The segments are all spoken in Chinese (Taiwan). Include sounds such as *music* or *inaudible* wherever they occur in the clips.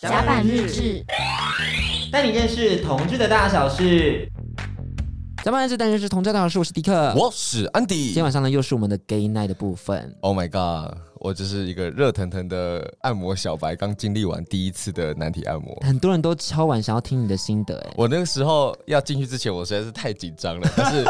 甲板日誌，帶你認識同志的大小事。甲板日誌，帶你認識同志的大小事。我是迪克，我是安迪。今天晚上呢，又是我們的 Gay Night 的部分。Oh my God。我就是一個熱騰騰的按摩小白，剛經歷完第一次的男體按摩，很多人都敲碗想要聽你的心得、欸。哎，我那個時候要進去之前，我實在是太緊張了， *laughs* 但是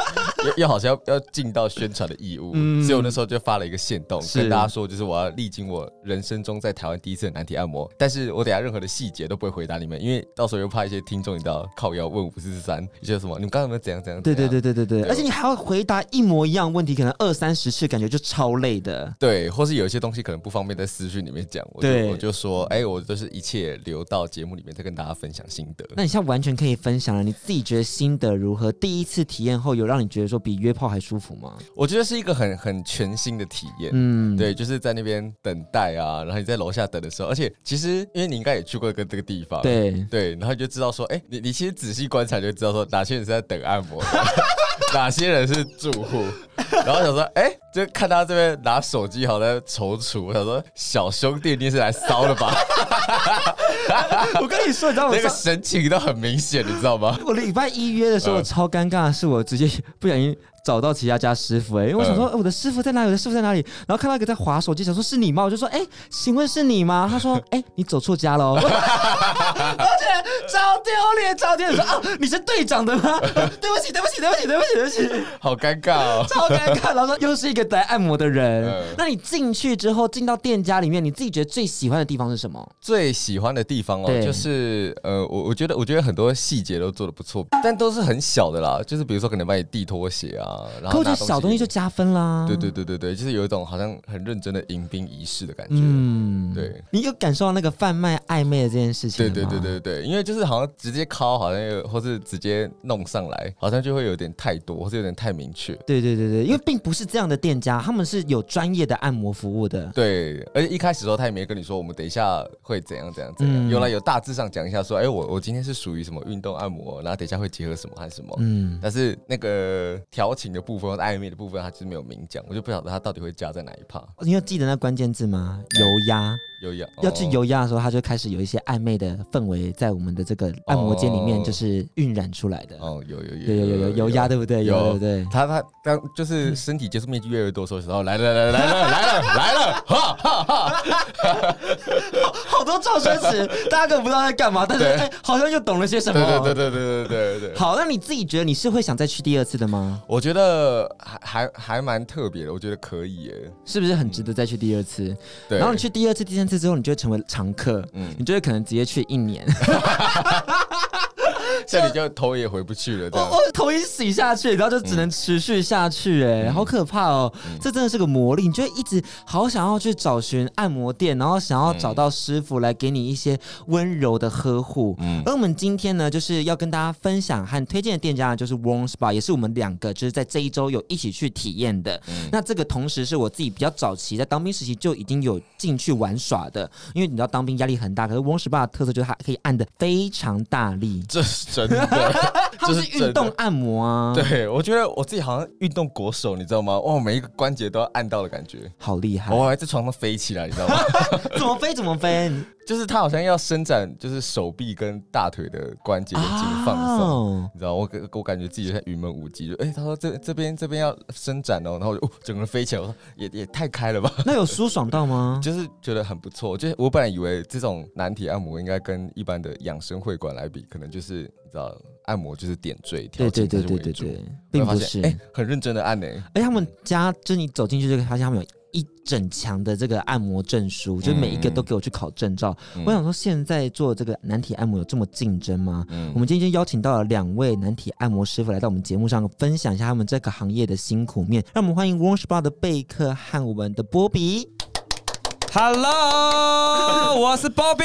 又又好像要要盡到宣傳的義務、嗯，所以我那時候就發了一個限動，跟大家說，就是我要歷經我人生中在台灣第一次的男體按摩，但是我等下任何的細節都不會回答你們，因為到時候又怕一些聽眾你知道靠腰問五四,四三，一些什麼，你們剛才有沒有怎樣怎樣？對對對對對對，對，對，對，對，而且你還要回答一模一樣問題，可能二三十次，感覺就超累的。對，或是有一些。東西可能不方便在私訊裡面講，我就對我就說，哎、欸，我就是一切留到節目裡面再跟大家分享心得。那你現在完全可以分享了，你自己覺得心得如何？第一次體驗後，有讓你覺得說比約炮還舒服嗎？我覺得是一個很很全新的體驗。嗯，對，就是在那邊等待啊，然後你在樓下等的時候，而且其實因為你應該也去過一個這個地方，對對，然後你就知道說，哎、欸，你你其實仔細觀察就知道說哪些人是在等按摩。 *laughs* *laughs* 哪些人是住戶？然後想說，哎、欸，就看他這邊拿手機，好像在躊躇。想說，小兄弟，你是來騷的吧？ *laughs* *laughs* 我跟你說，你知道嗎？那個神情都很明顯，你知道嗎？我禮拜一約的時候，超尷尬，是我直接不小心。找到其他家師傅哎、欸，因為我想說，我的師傅在哪裡？嗯、我的師傅在哪裡？然後看到一個在滑手機，想說是你嗎？我就說，欸，哎，請問是你嗎？他說，欸，哎，你走錯家了， *laughs* *laughs* 而且超丟臉，超丟臉！ *laughs* 說啊，你是隊長的嗎？ *laughs* *laughs* 對？對不起，對不起，對不起，對不起，對不起，好尷尬哦，超尷尬！ *laughs* 然後說又是一個在按摩的人。嗯、那你進去之後，進到店家裡面，你自己覺得最喜歡的地方是什麼？最喜歡的地方哦、喔，對，就是呃，我我覺得，我覺得很多細節都做得不錯，但都是很小的啦，就是比如說可能幫你遞拖鞋啊。啊、然後就小東西就加分啦，對對對對對，就是有一種好像很認真的迎賓儀式的感覺，嗯，對，你有感受到那個販賣曖昧的這件事情？對，對對對對對，因為就是好像直接敲，好像又或是直接弄上來，好像就會有點太多，或是有點太明確。對對對對，因為並不是這樣的店家，他們是有專業的按摩服務的。嗯、對，而且一開始時候他也沒跟你說，我們等一下會怎樣怎樣怎樣，原、嗯、來有大致上講一下，說，哎，我我今天是屬於什麼運動按摩，然後等一下會結合什麼是什麼。嗯，但是那個調。情的部分和曖昧的部分，他其實沒有明講，我就不曉得他到底會加在哪一趴。你要記得那關鍵字嗎？油壓，油壓，要去油壓的時候，他、哦、就開始有一些曖昧的氛圍在我們的這個按摩間裡面，就是暈染出來的。哦，哦有，有，有，有，有，有有有，有有有，有，有，有油壓，對不對？有，有，有對不他他剛就是身體接觸面積越來越多的時候，來來了來了來了來了，哈哈 *laughs* *laughs* 哈。哈 *laughs* *laughs* 好,好多造聲詞， *laughs* 大家不知道在幹嘛，但是、欸、好像又懂了些什麼。對對對對對對,對,對好，那你自己覺得你是會想再去第二次的嗎？我覺得還還還蠻特別的，我覺得可以誒，是不是很值得再去第二次？對、嗯，然後你去第二次、第三次之後，你就會成為常客，嗯，你就會可能直接去一年。嗯 *laughs* 這裡就頭也回不去了，哦，頭一洗下去，然後就只能持續下去、欸，哎、嗯，好可怕哦，喔嗯！這真的是個魔力，你就會一直好想要去找尋按摩店，然後想要找到師傅來給你一些溫柔的呵護。嗯，而我們今天呢，就是要跟大家分享和推薦的店家呢，就是 Warm Spa，也是我們兩個就是在這一周有一起去體驗的、嗯。那這個同時是我自己比較早期在當兵時期就已經有進去玩耍的，因為你知道當兵壓力很大，可是 Warm Spa 的特色就是它可以按得非常大力。這，這真 *laughs* 是就是運動按摩啊！對，我覺得我自己好像運動國手，你知道嗎？哇，每一個關節都要按到的感覺，好厲害！我還在床上飛起來，你知道嗎？ *laughs* 怎麼飛？怎麼飛？ *laughs* 就是他好像要伸展，就是手臂跟大腿的關節的筋放鬆，oh. 你知道，我我感覺自己在雲門舞集。就哎、欸，他說這這邊這邊要伸展哦，然後、哦、整個人飛起來，我說也也太開了吧？那有舒爽到嗎？ *laughs* 就是覺得很不錯。就是我本來以為這種男體按摩應該跟一般的養生會館來比，可能就是你知道，按摩就是點綴，對對對對對對,對，並不是。哎、欸，很認真的按呢、欸。哎、欸，他們家就你走進去就發現他們有。一整牆的這個按摩證書，就每一個都給我去考證照。嗯、我想說，現在做這個男體按摩有這麼競爭嗎？嗯。我們今天邀請到了兩位男體按摩師傅來到我們節目上，分享一下他們這個行業的辛苦面。讓我們歡迎 Warm Spa 的貝克和我們的波比。Hello，我是波比。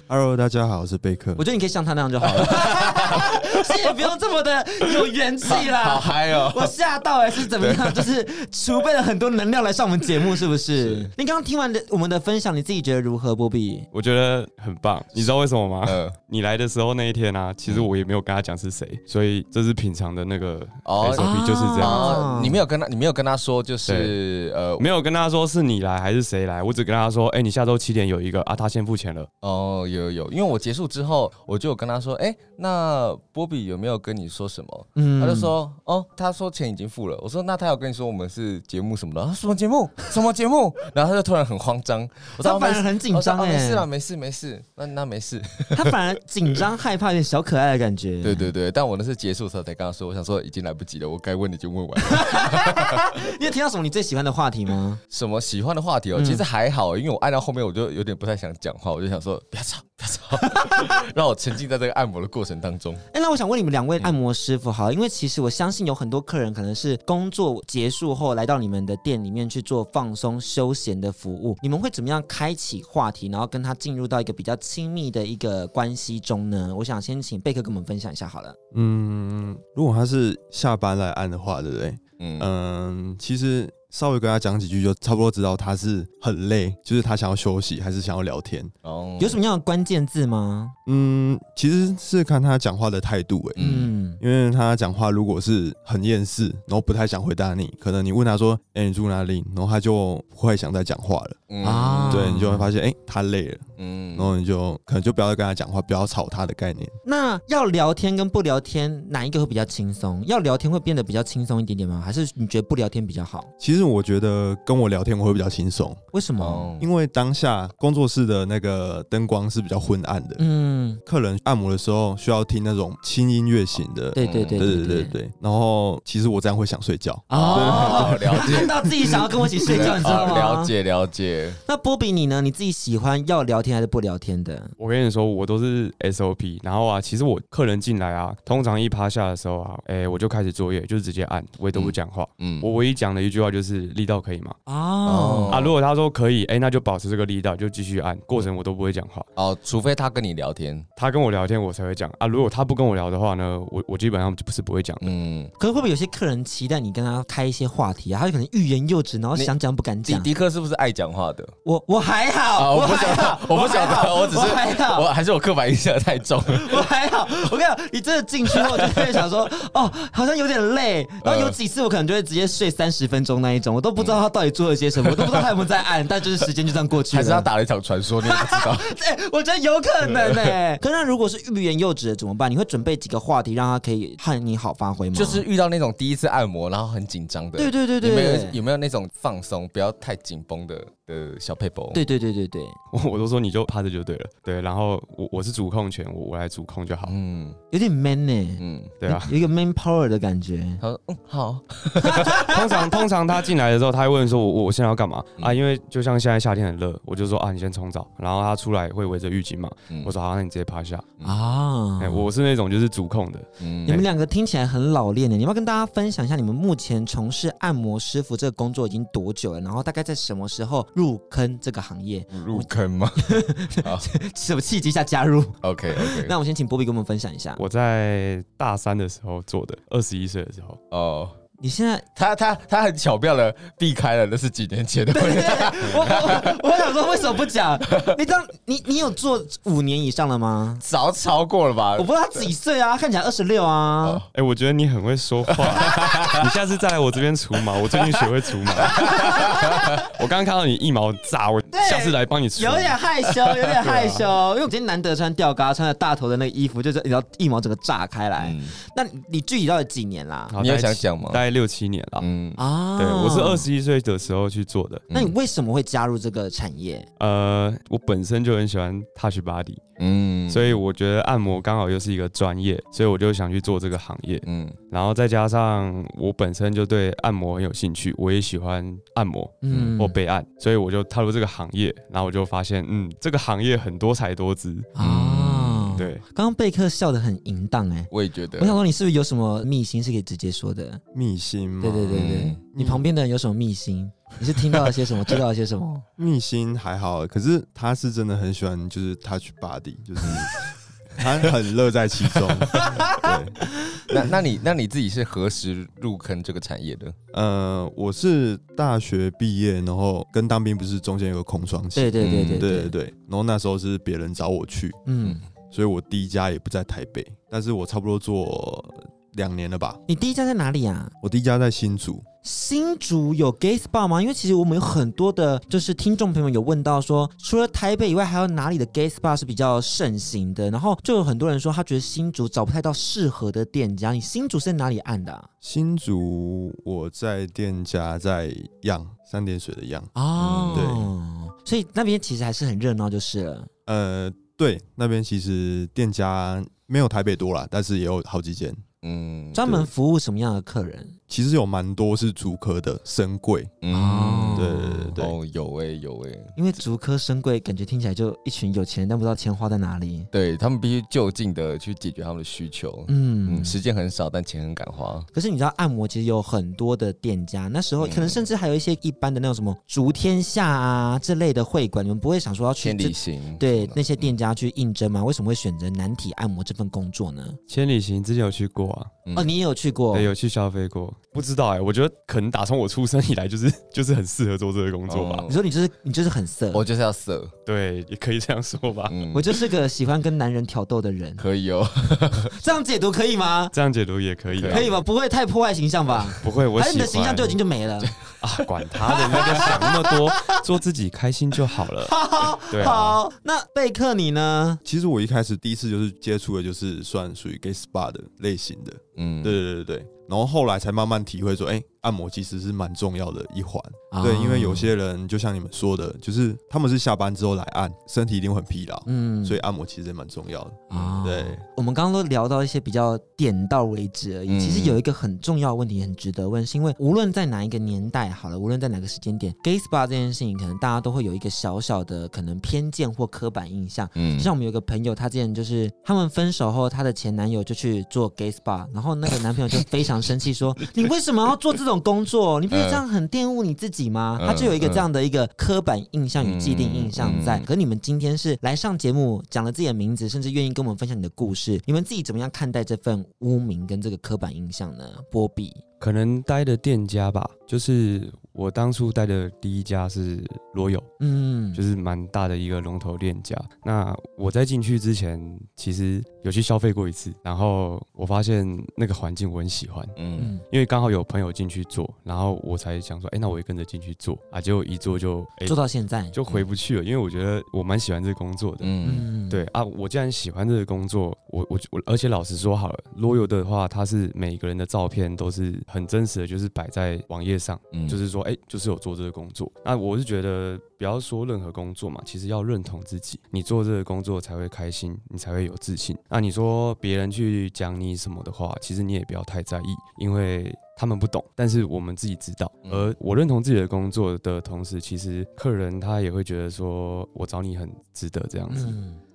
*laughs* Hello，大家好，我是貝克。我覺得你可以像他那樣就好了， *laughs* *laughs* 也不用這麼的有元氣啦 *laughs* 好。好嗨哦、喔！我嚇到了是怎麼樣？就是儲備了很多能量來上我們節目，是不是？ *laughs* 是你剛剛聽完的我們的分享，你自己覺得如何，波比？我覺得很棒。你知道為什麼嗎？呃，你來的時候那一天啊，其實我也沒有跟他講是誰、嗯，所以這是平常的那個 SOP。哦，就是這樣、哦呃。你沒有跟他，你沒有跟他說，就是呃，沒有跟他說是你來還是誰來。哎，我只跟他說，哎、欸，你下周七點有一個啊，他先付錢了。哦，有有，因為我結束之後，我就有跟他說，哎、欸，那波比有沒有跟你說什麼？嗯，他就說，哦，他說錢已經付了。我說，那他有跟你說我們是節目什麼的？啊、什麼節目？什麼節目？ *laughs* 然後他就突然很慌張，他反而很緊張、欸啊。沒事啦，沒事，沒事，那那沒事。 *laughs* 他反而緊張害怕一點，小可愛的感覺。 *laughs* 對對對，但我那是結束的時候才跟他說，我想說已經來不及了，我該問的就問完了。 *laughs* *laughs* 你有聽到什麼你最喜歡的話題嗎？什麼喜歡的話題哦、喔？嗯其實還好，因為我按到後面我就有點不太想講話，我就想說不要吵，不要吵， *laughs* *laughs* 讓我沉浸在這個按摩的過程當中。哎、欸，那我想問你們兩位按摩師傅好、嗯，因為其實我相信有很多客人可能是工作結束後來到你們的店裡面去做放鬆休閒的服務，你們會怎麼樣開啟話題，然後跟他進入到一個比較親密的一個關係中呢？我想先請貝克跟我們分享一下好了。嗯，如果他是下班來按的話，對不對？嗯，嗯其實。稍微跟他講幾句，就差不多知道他是很累，就是他想要休息，還是想要聊天。哦，Oh，有什麼樣的關鍵字嗎？嗯，其實是看他講話的態度哎，嗯，因為他講話如果是很厭世，然後不太想回答你，可能你問他說，哎，你住哪裡？然後他就不會想再講話了，啊，對，你就會發現，哎，他累了，嗯，然後你就可能就不要再跟他講話，不要吵他的概念。那要聊天跟不聊天，哪一個會比較輕鬆？要聊天會變得比較輕鬆一點點嗎？還是你覺得不聊天比較好？其實我覺得跟我聊天我會比較輕鬆。為什麼？哦，因為當下工作室的那個燈光是比較昏暗的，嗯。嗯，客人按摩的時候需要聽那種輕音樂型的、啊。對對對對對對，對，對，對，對，然後其實我這樣會想睡覺。哦，對對對對啊啊、了解。他按到自己想要跟我一起睡覺，啊，你知道嗎？了解了解。那波比你呢？你自己喜歡要聊天還是不聊天的？我跟你說，我都是 SOP。然後啊，其實我客人進來啊，通常一趴下的時候啊，哎，我就開始作業，就直接按，我也都不講話。嗯。嗯，我唯一講的一句話就是力道可以嗎？哦。啊！如果他說可以，哎，那就保持這個力道，就繼續按。過程我都不會講話。哦，除非他跟你聊天。他跟我聊天，我才會講啊。如果他不跟我聊的話呢，我我基本上就不是不會講。嗯，可是會不會有些客人期待你跟他開一些話題啊？他就可能欲言又止，然後想講不敢講。迪迪克是不是愛講話的？我我還、啊、我，我，還我還好，我不講，我不講，我只是我還好，我還是我刻板印象太重。我還好，我跟你講，你真的進去後，我就會想說， *laughs* 哦，好像有點累。然後有幾次我可能就會直接睡三十分鐘那一種，我都不知道他到底做了些什麼，嗯、我都不知道他有沒有在按， *laughs* 但就是時間就這樣過去了。還是他打了一場傳說？你也不知道？哎、 *laughs* 欸，我覺得有可能哎、欸。 *laughs* 哎，可是那如果是欲言又止的怎麼辦？你會準備幾個話題讓他可以和你好發揮嗎？就是遇到那種第一次按摩然後很緊張的，對對對對，有沒有有沒有那種放鬆不要太緊繃的的小 paper？對,對對對對對，我都說你就趴着就對了，對，然後我我是主控權，我我來主控就好，嗯，有點 man 呢、欸，嗯，對啊，有一個 man power 的感覺，好、嗯，好。 *laughs* 通常通常他進來的時候，他會問說我：“我我現在要幹嘛？”啊，因為就像現在夏天很熱，我就說：“啊，你先沖澡。”然後他出來會圍着浴巾嘛、嗯，我說：“好、啊。”直接趴下，嗯、啊！哎，我是那種就是主控的。嗯、你們兩個聽起來很老練呢。你要不要跟大家分享一下，你們目前從事按摩師傅這個工作已經多久了？然後大概在什麼時候入坑這個行業？入坑嗎？好 *laughs* 什麼契機下加入？OK OK，那我先請波比跟我們分享一下。我在大三的時候做的，二十一歲的時候哦。Oh. 你現在他他他很巧妙的避開了，那是幾年前的問題。對對對，我我我想說為什麼不講？你這你你有做五年以上了嗎？早超，超過了吧？我不知道他幾歲啊？看起來二十六啊？哎、哦欸，我覺得你很會說話。 *laughs* 你下次再來我這邊除毛，我最近學會除毛。 *laughs* *laughs* 我剛剛看到你一毛炸，我下次來幫你除，有點害羞，有點害羞， *laughs* 啊、因為我今天難得穿吊嘎，穿了大頭的那個衣服，就是你知道一毛整個炸開來、嗯。那你具體到底幾年啦？你有想想嗎？六七年了，嗯啊，對我是二十一歲的時候去做的、啊。那你為什麼會加入這個產業、嗯？呃，我本身就很喜歡 touch body，嗯，所以我覺得按摩剛好又是一個專業，所以我就想去做這個行業，嗯。然後再加上我本身就對按摩很有興趣，我也喜歡按摩，嗯，或被按。所以我就踏入這個行業。然後我就發現，嗯，這個行業很多采多姿啊。哦對，剛剛貝克笑得很淫蕩哎、欸，我也覺得。我想說你是不是有什麼秘辛是可以直接說的？秘辛嗎？對對對對、對、嗯，你旁邊的人有什麼秘辛？你是聽到了些什麼？ *laughs* 知道了些什麼？秘辛還好，可是他是真的很喜歡，就是 touch body，就是、嗯、他很樂在其中。 *laughs* 對， *laughs* 那那你那你自己是何時入坑這個產業的？呃、嗯，我是大學畢業，然後跟當兵不是中間有個空窗期？對對對對、嗯、對對對。然後那時候是別人找我去，嗯。所以我第一家也不在台北，但是我差不多做兩年了吧。你第一家在哪裡啊？我第一家在新竹。新竹有 Gay Spa 嗎？因為其實我們有很多的，就是聽眾朋友有問到說，除了台北以外，還有哪裡的 Gay Spa 是比較盛行的？然後就有很多人說，他覺得新竹找不太到適合的店家。你新竹是在哪裡按的、啊？新竹我在店家在漾三點水的漾。哦、嗯，對，所以那邊其實還是很熱鬧，就是了。呃。對，那邊其實店家沒有台北多啦，但是也有好幾間。嗯，專門服務什麼樣的客人？其實有蠻多是竹科的深櫃啊、嗯，對對對,對哦，哦有哎、欸、有哎、欸，因為竹科深櫃，感覺聽起來就一群有錢人，但不知道錢花在哪裡。對他們必須就近的去解決他們的需求，嗯，時間很少，但錢很敢花。可是你知道按摩其實有很多的店家，那時候可能甚至還有一些一般的那種什麼竹天下啊這類的會館，你們不會想說要去千里行。對那些店家去應徵嗎？為什麼會選擇男體按摩這份工作呢？千里行之前有去過啊，嗯、哦你也有去過，對有去消費過。不知道哎、欸，我覺得可能打從我出生以來就是就是很適合做這個工作吧。Oh, 你說你就是你就是很色，我就是要色，對，也可以這樣說吧。嗯、我就是個喜歡跟男人挑逗的人。 *laughs* 可以哦， *laughs* 這樣解讀可以嗎？這樣解讀也可以，可以吧？不會太破壞形象吧、嗯？不會，我是你的形象就已經就沒了 *laughs* 就啊。管他的， *laughs* 不要想那麼多，做自己開心就好了。 *laughs* 好好 *laughs* 對，對、啊，好，那貝克你呢？其實我一開始第一次就是接觸的，就是算屬於 gay spa 的類型的。嗯，對對對對。然後後來才慢慢體會，說，誒、欸。按摩其實是蠻重要的一環，哦，對，因為有些人就像你們說的，就是他們是下班之後來按，身體一定會很疲勞，嗯，所以按摩其實也蠻重要的。啊，哦，對，我們剛剛都聊到一些比較點到為止而已，嗯。其實有一個很重要的問題，很值得問，是因為無論在哪一個年代，好了，無論在哪個時間點，gay spa 這件事情，可能大家都會有一個小小的可能偏見或刻板印象。嗯，就像我們有個朋友，他之前就是他們分手後，他的前男友就去做 gay spa，然後那個男朋友就非常生氣說：“ *laughs* 你為什麼要做這種？”工作，你不是這樣很玷污你自己嗎？嗯嗯嗯。他就有一個這樣的一個刻板印象與既定印象在。嗯嗯、可你們今天是來上節目，講了自己的名字，甚至願意跟我們分享你的故事。你們自己怎麼樣看待這份污名跟這個刻板印象呢？波比，可能待的店家吧，就是。我當初帶的第一家是羅友，嗯，就是蠻大的一個龍頭店家。那我在進去之前，其實有去消費過一次，然後我發現那個環境我很喜歡，嗯，因為剛好有朋友進去做，然後我才想說，哎、欸，那我也跟着進去做啊。結果一做就、欸、做到現在，就回不去了，嗯、因為我覺得我蠻喜歡這個工作的，嗯，對啊，我既然喜歡這個工作，我我我，我，而且老實說好了，羅友的話，它是每個人的照片都是很真實的，就是擺在網頁上，嗯，就是說。哎、欸，就是有做這個工作。那我是覺得，不要說任何工作嘛，其實要認同自己，你做這個工作才會開心，你才會有自信。那你說別人去講你什麼的話，其實你也不要太在意，因為他們不懂。但是我們自己知道。而我認同自己的工作的同時，其實客人他也會覺得說，我找你很值得這樣子。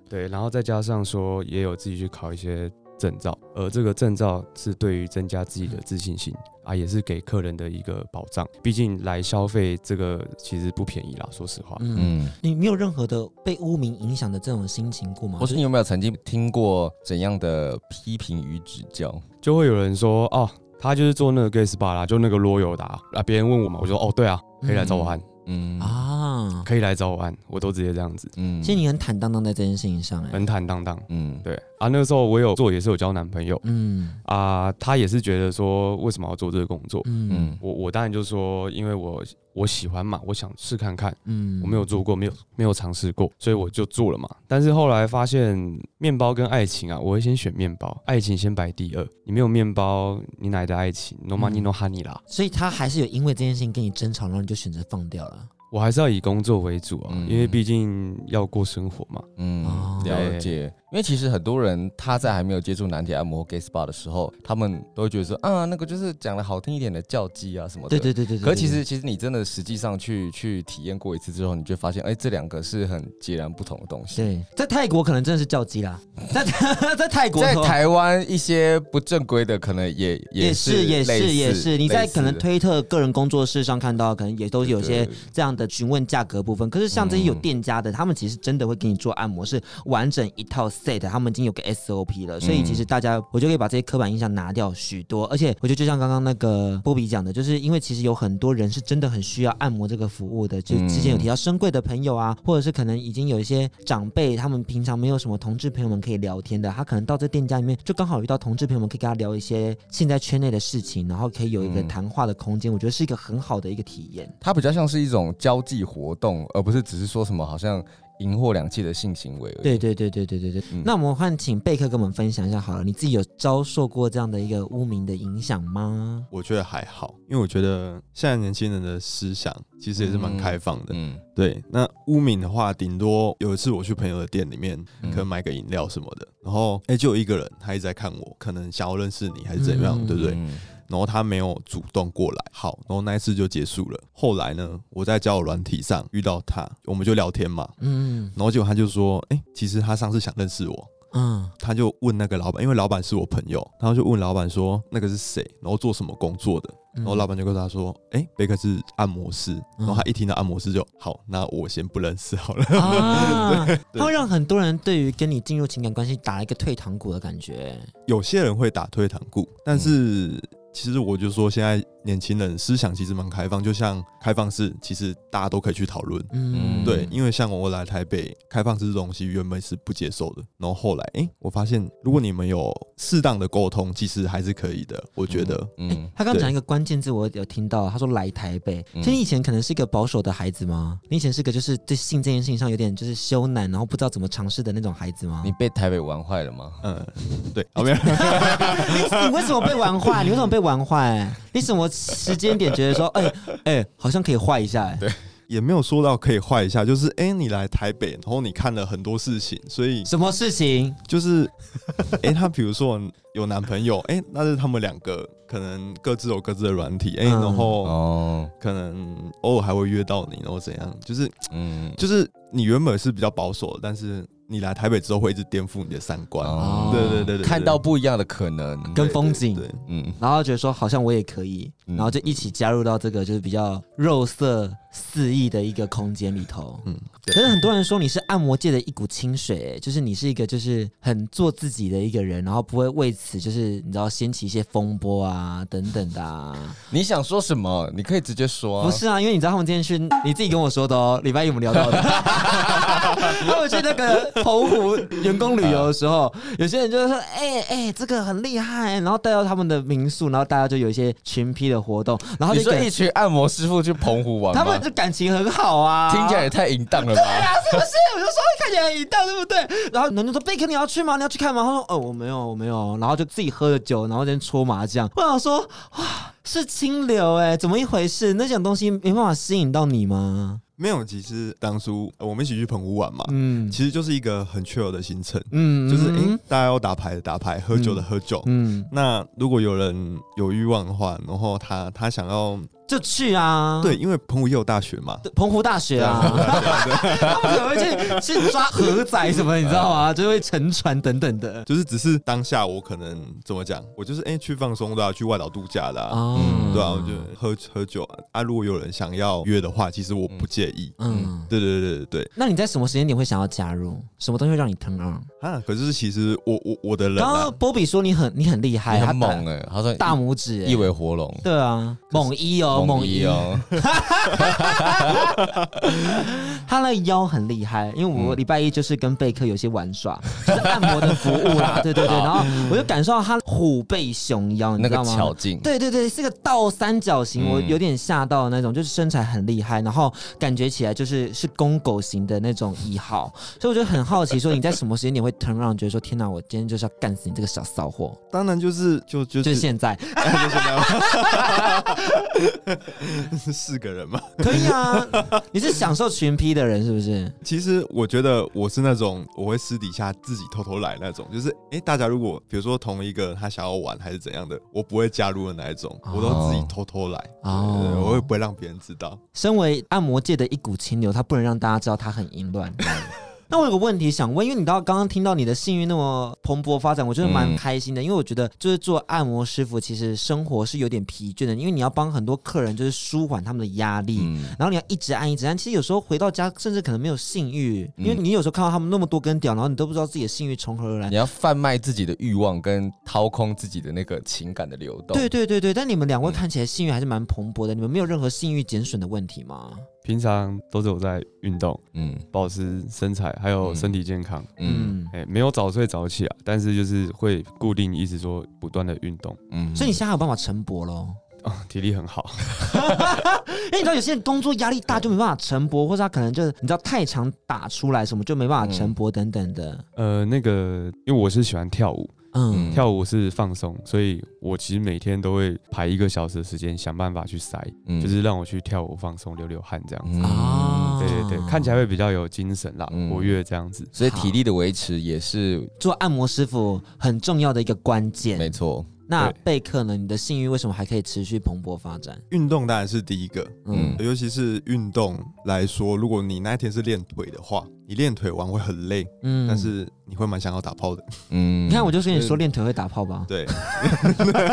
對，然後再加上說，也有自己去考一些。證照，而這個證照是對於增加自己的自信心，嗯、啊，也是給客人的一個保障。畢竟來消費這個其實不便宜啦，說實話。嗯，你沒有任何的被污名影響的這種心情過嗎？或是你有沒有曾經聽過怎樣的批評與指教？就會有人說哦，他就是做那個 Gay Spa 啦，就那個羅尤達。啊。」別人問我嘛，我說哦，對啊，可、嗯、以來找我按。嗯啊，可以來找我按，我都直接這樣子。嗯，其實你很坦蕩蕩在這件事情上。欸，很坦蕩蕩。嗯，對啊，那個時候我有做，也是有交男朋友。嗯啊，他也是覺得說，為什麼要做這個工作？嗯，我我當然就說，因為我。我喜歡嘛，我想試看看，嗯，我沒有做過，沒有沒有嘗試過，所以我就做了嘛。但是後來發現，麵包跟愛情啊，我會先選麵包，愛情先擺第二。你沒有麵包，你哪來的愛情？No money no honey 啦。所以他還是有因為這件事情跟你爭吵，然後你就選擇放掉了。我還是要以工作為主啊，嗯，因為畢竟要過生活嘛。嗯，了解。因為其實很多人他在還沒有接觸男體按摩、Gay Spa 的時候，他們都會覺得說啊，那個就是講的好聽一點的叫雞啊什麼的。對對對對，對。可是其實，其實你真的實際上去去體驗過一次之後，你就發現，哎、欸，這兩個是很截然不同的東西。對，在泰國可能真的是叫雞啦。在 *laughs* 在泰國。在台灣一些不正規的，可能也也是也是也是。你在可能推特個人工作室上看到，可能也都有些這樣的詢問價格部分。對對對對，可是像這些有店家的，嗯、他們其實真的會給你做按摩，是完整一套。s 他們已經有個 SOP 了，所以其實大家我就可以把這些刻板印象拿掉許多。而且我覺得就像剛剛那個波比講的，就是因為其實有很多人是真的很需要按摩這個服務的。就之前有提到深櫃的朋友啊，或者是可能已經有一些長輩，他們平常沒有什麼同志朋友們可以聊天的，他可能到這店家裡面就剛好遇到同志朋友們可以跟他聊一些現在圈內的事情，然後可以有一個談話的空間，我覺得是一個很好的一個體驗。它比較像是一種交際活動，而不是只是說什麼好像。銀貨兩訖的性行為。對對對對對對對，對。嗯、那我們換請貝克跟我們分享一下好了，你自己有遭受過這樣的一個汙名的影響嗎？我覺得還好，因為我覺得現在年輕人的思想其實也是蠻開放的。嗯，對。那汙名的話，頂多有一次我去朋友的店裡面，可能買個飲料什麼的，然後哎、欸，就有一個人他一直在看我，可能想要認識你還是怎樣，嗯、對不對，對？嗯然後他沒有主動過來，好，然後那一次就結束了。後來呢，我在交友軟體上遇到他，我們就聊天嘛。嗯，嗯，然後結果他就說：“哎、欸，其實他上次想認識我。”嗯，嗯，他就問那個老闆，因為老闆是我朋友，然後就問老闆說：“那個是誰？然後做什麼工作的？”嗯嗯，然後老闆就告訴他說：“哎、欸，貝克是按摩師。嗯”嗯、然後他一聽到按摩師，就好，那我先不認識好了。啊 *laughs* 對，會讓很多人對於跟你進入情感關係打一個退堂鼓的感覺。有些人會打退堂鼓，但是。嗯其實我就說現在，年輕人思想其實蠻開放，就像開放式，其實大家都可以去討論。嗯，對，因為像我來台北，開放式這種東西原本是不接受的，然後後來，哎、欸，我發現如果你們有適當的溝通，其實還是可以的。我覺得，嗯，嗯欸、他剛講一個關鍵字，我有聽到，他說來台北，就、嗯、你以前可能是一個保守的孩子嗎？你以前是個就是對性這件事情上有點就是羞赧，然後不知道怎麼嘗試的那種孩子嗎？你被台北玩壞了嗎？嗯，對，OK *laughs* 我沒有笑。你為什麼被玩壞？你為什麼被玩壞？你什麼？時間點覺得說，哎、欸、哎、欸，好像可以壞一下，欸，對，也沒有說到可以壞一下，就是哎、欸，你來台北，然後你看了很多事情，所以什麼事情？就是哎、 *laughs* 欸，他比如說有男朋友，哎、欸，那是他們兩個可能各自有各自的軟體，哎、嗯欸，然後哦，可能偶爾還會約到你，然後怎樣？就是嗯，就是你原本是比較保守的，但是。你來台北之後會一直顛覆你的三觀，哦，對、對、對，對、對、對、對，看到不一樣的可能跟風景，嗯，然後覺得說好像我也可以，嗯，然後就一起加入到這個就是比較肉色。肆意的一個空間裡頭，嗯，可是很多人說你是按摩界的一股清水、欸，就是你是一個就是很做自己的一個人，然後不會為此就是你知道掀起一些風波啊等等的、啊。你想說什麼？你可以直接說、啊。不是啊，因為你知道他們今天去，你自己跟我說的哦，禮拜一我們聊到的。 *laughs* *laughs* 他們去那個澎湖員工旅遊的時候，有些人就說：“哎哎，這個很厲害、欸。”然後帶到他們的民宿，然後大家就有一些群 P 的活動。然後就跟你說一群按摩師傅去澎湖玩，他們。這感情很好啊，聽起來也太淫蕩了吧、啊？是不是？我就說看起來很淫蕩， *laughs* 對不對？然後男主說：“貝克，你要去嗎？你要去看嗎？”他說：“哦、oh,，我沒有，我沒有。”然後就自己喝了酒，然後在搓麻將。後我想說，哇、oh,，是清流哎、欸，怎麼一回事？那件東西沒辦法吸引到你嗎？沒有，其實當初我們一起去澎湖玩嘛，嗯，其實就是一個很 chill 的行程，嗯，就是嗯、欸，大家要打牌的打牌，喝酒的喝酒，嗯，嗯那如果有人有欲望的話，然後他他想要。就去啊！對，因為澎湖也有大學嘛，澎湖大學啊，對、學、對 *laughs* 他們就會去去抓荷仔什麼， *laughs* 你知道嗎？就會沉船等等的，就是只是當下我可能怎麼講，我就是哎、欸、去放鬆要、啊、去外島度假啦、啊哦，嗯，對啊，我就喝喝酒啊，啊。如果有人想要約的話，其實我不介意。嗯，對對對對對。對，那你在什麼時間點會想要加入？什麼東西會讓你 turn on 啊？啊？可是其實我我我的人、啊，然後波比說你很你很厲害，很猛哎、欸，他說大拇指、欸一，一尾活龍，對啊，猛一哦。夢怡哦， *laughs* 他那腰很厲害，因為我禮拜一就是跟貝克有些玩耍，嗯、就是按摩的服務啦， *laughs* 對對對，啊、然後我就感受到他虎背熊腰，那個、你知道嗎？對對對，是個倒三角形，嗯、我有點嚇到那種，就是身材很厲害，然後感覺起來就是是公狗型的那種一號，所以我就很好奇，說你在什麼時間點會 turn on 讓你覺得說天吶、啊，我今天就是要幹死你這個小騷貨，當然就是就就是、就是現在。哎 *laughs* *laughs* 是四個人嗎？可以啊，你是享受群批的人是不是？ *laughs* 其實我覺得我是那種我會私底下自己偷偷來那種，就是哎、欸，大家如果比如說同一個他想要玩還是怎樣的，我不會加入的那一種，哦、我都自己偷偷來，哦、對對對，我也不會讓別人知道。身為按摩界的一股清流，他不能讓大家知道他很淫亂。 *laughs* 那我有個問題想問，因為你知道剛剛聽到你的性欲那麼蓬勃發展，我覺得蠻開心的。嗯、因為我覺得就是做按摩師傅，其實生活是有點疲倦的，因為你要幫很多客人就是舒緩他們的壓力，嗯、然後你要一直按一直按。其實有時候回到家，甚至可能沒有性欲，嗯，因為你有時候看到他們那麼多根屌，然後你都不知道自己的性欲從何而來。你要販賣自己的欲望，跟掏空自己的那個情感的流動。對對對對，但你們兩位看起來性欲還是蠻蓬勃的，嗯、你們沒有任何性欲減損的問題嗎？平常都是我在運動，嗯，保持身材，還有身體健康，嗯，嗯欸、沒有早睡早起啊，但是就是會固定一直說不斷的運動，嗯，所以你現在還有辦法晨勃嘍？哦，體力很好， *laughs* *laughs* 因為你知道有些人工作壓力大就沒辦法晨勃， *laughs* 或者他可能就是你知道太常打出來什麼就沒辦法晨勃等等的、嗯。呃，那個，因為我是喜歡跳舞。嗯，跳舞是放鬆，所以我其實每天都會排一個小時的時間，想辦法去塞、嗯，就是讓我去跳舞放鬆，流流汗這樣子。嗯、哦，對對對，看起來會比較有精神啦，嗯、活躍這樣子。所以體力的維持也是做按摩師傅很重要的一個關鍵。沒錯。那貝克呢？你的幸運為什麼還可以持續蓬勃發展？運動當然是第一個，嗯，尤其是運動來說，如果你那一天是練腿的話。你練腿玩會很累，嗯，但是你會蠻想要打炮的，嗯，你看我就是跟你說練腿會打炮吧，就是，對，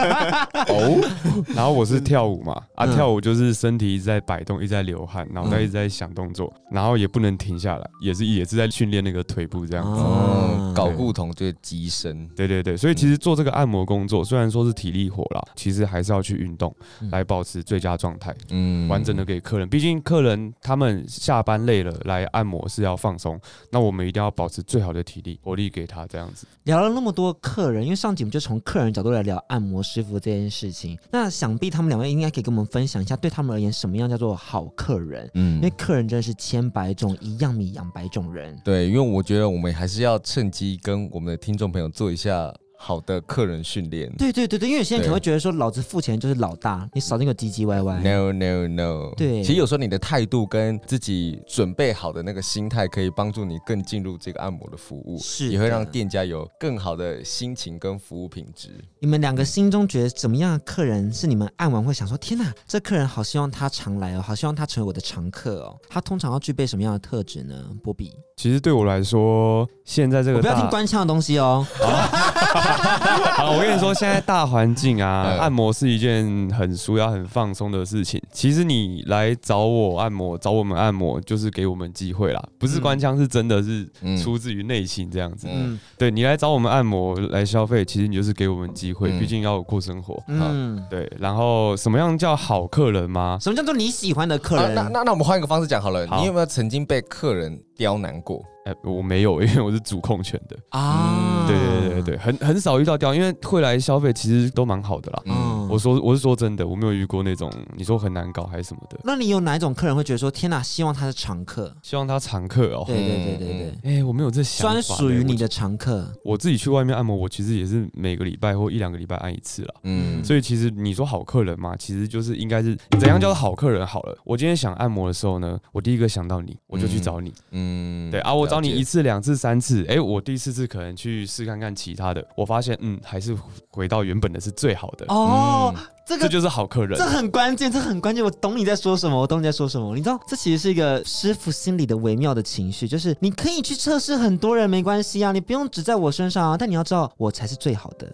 哦 *laughs* *laughs* ，oh? 然後我是跳舞嘛，嗯，啊，跳舞就是身體一直在擺動，一直在流汗，腦袋一直在想動作，嗯，然後也不能停下來，也是也是在訓練那個腿部這樣子，哦，搞不同是機身，對對對，所以其實做這個按摩工作，嗯、雖然說是體力活啦，其實還是要去運動來保持最佳狀態，嗯，完整的給客人，畢竟客人他們下班累了來按摩是要放鬆。那我們一定要保持最好的體力、活力給他，這樣子。聊了那麼多客人，因為上集我們就從客人角度來聊按摩師傅這件事情。那想必他們兩位應該可以跟我們分享一下，對他們而言什麼樣叫做好客人？嗯，因為客人真的是千百種，一樣米養百種人。對，因為我覺得我們還是要趁機跟我們的聽眾朋友做一下。好的客人訓練，對對對對，因為有些人可能會覺得說，老子付錢就是老大，你少那個唧唧歪歪。No no no。對，其實有時候你的態度跟自己準備好的那個心態，可以幫助你更進入這個按摩的服務，是也會讓店家有更好的心情跟服務品質。你們兩個心中覺得怎麼樣的客人是你們按完會想說，天哪，這客人好希望他常來哦，好希望他成為我的常客哦。他通常要具備什麼樣的特質呢？波比，其實對我來說，現在這個我不要聽官腔的東西哦。啊 *laughs* *laughs* 好，我跟你說，現在大環境啊，按摩是一件很舒壓、很放鬆的事情。其實你來找我按摩，找我們按摩，就是給我們機會啦，不是官腔，是真的是出自於內心這樣子。嗯，對，你來找我們按摩來消費，其實你就是給我們機會，畢竟要過生活，嗯。嗯、啊，對。然後什麼樣叫好客人嗎？什麼叫做你喜歡的客人？那那那我們換一個方式講好了。好，你有沒有曾經被客人刁難過？欸、我沒有，因為我是主控權的啊。對對對對，很很少遇到掉，因為會來消費其實都蠻好的啦。嗯，我說我是說真的，我沒有遇過那種你說很難搞還是什麼的。那你有哪一種客人會覺得說天哪，希望他是常客，希望他常客哦、喔？對對對對對，對。哎、欸，我沒有這想法。專屬於你的常客我。我自己去外面按摩，我其實也是每個禮拜或一兩個禮拜按一次了。嗯，所以其實你說好客人嘛，其實就是應該是怎樣叫做好客人好了。我今天想按摩的時候呢，我第一個想到你，我就去找你。嗯，嗯對啊，我找。幫你一次、兩次、三次，哎、欸，我第四次可能去試看看其他的，我發現，嗯，還是回到原本的是最好的。哦，嗯、這個這就是好客人，這很關鍵，這很關鍵。我懂你在說什麼，我懂你在說什麼。你知道，這其實是一個師傅心裡的微妙的情緒，就是你可以去測試很多人沒關係啊，你不用只在我身上啊，但你要知道，我才是最好的。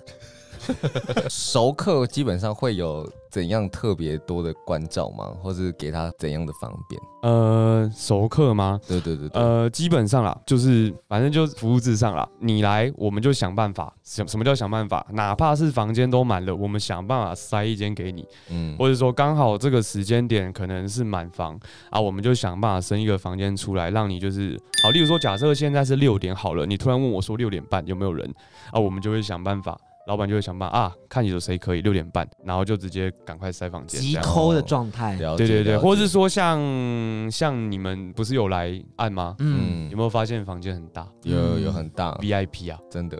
*laughs* 熟客基本上會有。怎樣特別多的關照嗎？或是給他怎樣的方便？呃，熟客嗎？對對對對。呃，基本上啦，就是反正就是服務至上啦。你來，我們就想辦法。想什麼叫想辦法？哪怕是房間都滿了，我們想辦法塞一間給你。嗯。或者說剛好這個時間點可能是滿房啊，我們就想辦法生一個房間出來，讓你就是好。例如說，假設現在是六點好了，你突然問我說六點半有沒有人啊，我們就會想辦法。老闆就會想辦法啊，看有誰可以六點半，然後就直接趕快塞房間，急扣的狀態。哦。對對對，或者是說像像你們不是有來按嗎？嗯，嗯，有沒有發現房間很大？有，有很大，VIP 啊，真的，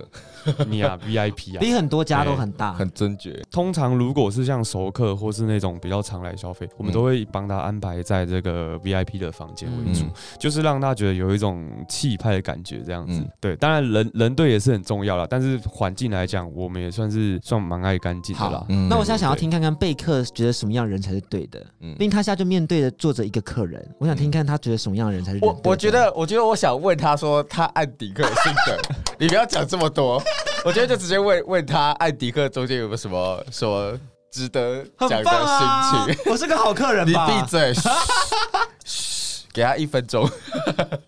你啊 *laughs* VIP 啊，比很多家都很大，很尊爵。通常如果是像熟客或是那種比較常來消費，我們都會幫他安排在這個 VIP 的房間為主，嗯，就是讓他覺得有一種氣派的感覺這樣子。嗯。對，當然人人對也是很重要啦，但是環境來講我。我們也算是算蠻愛乾淨的了、嗯。那我現在想要聽看看貝克覺得什麼樣的人才是對的，因、嗯、為他現在就面對着坐着一個客人、嗯，我想聽看他覺得什麼樣的人才是人對的。我我覺得，我覺得我想問他說，他愛迪克的性格， *laughs* 你不要講這麼多， *laughs* 我覺得就直接問問他，愛迪克中間有沒有什麼什麼值得講的心情、啊？我是個好客人吧，你閉嘴。 *laughs* 給他一分鐘。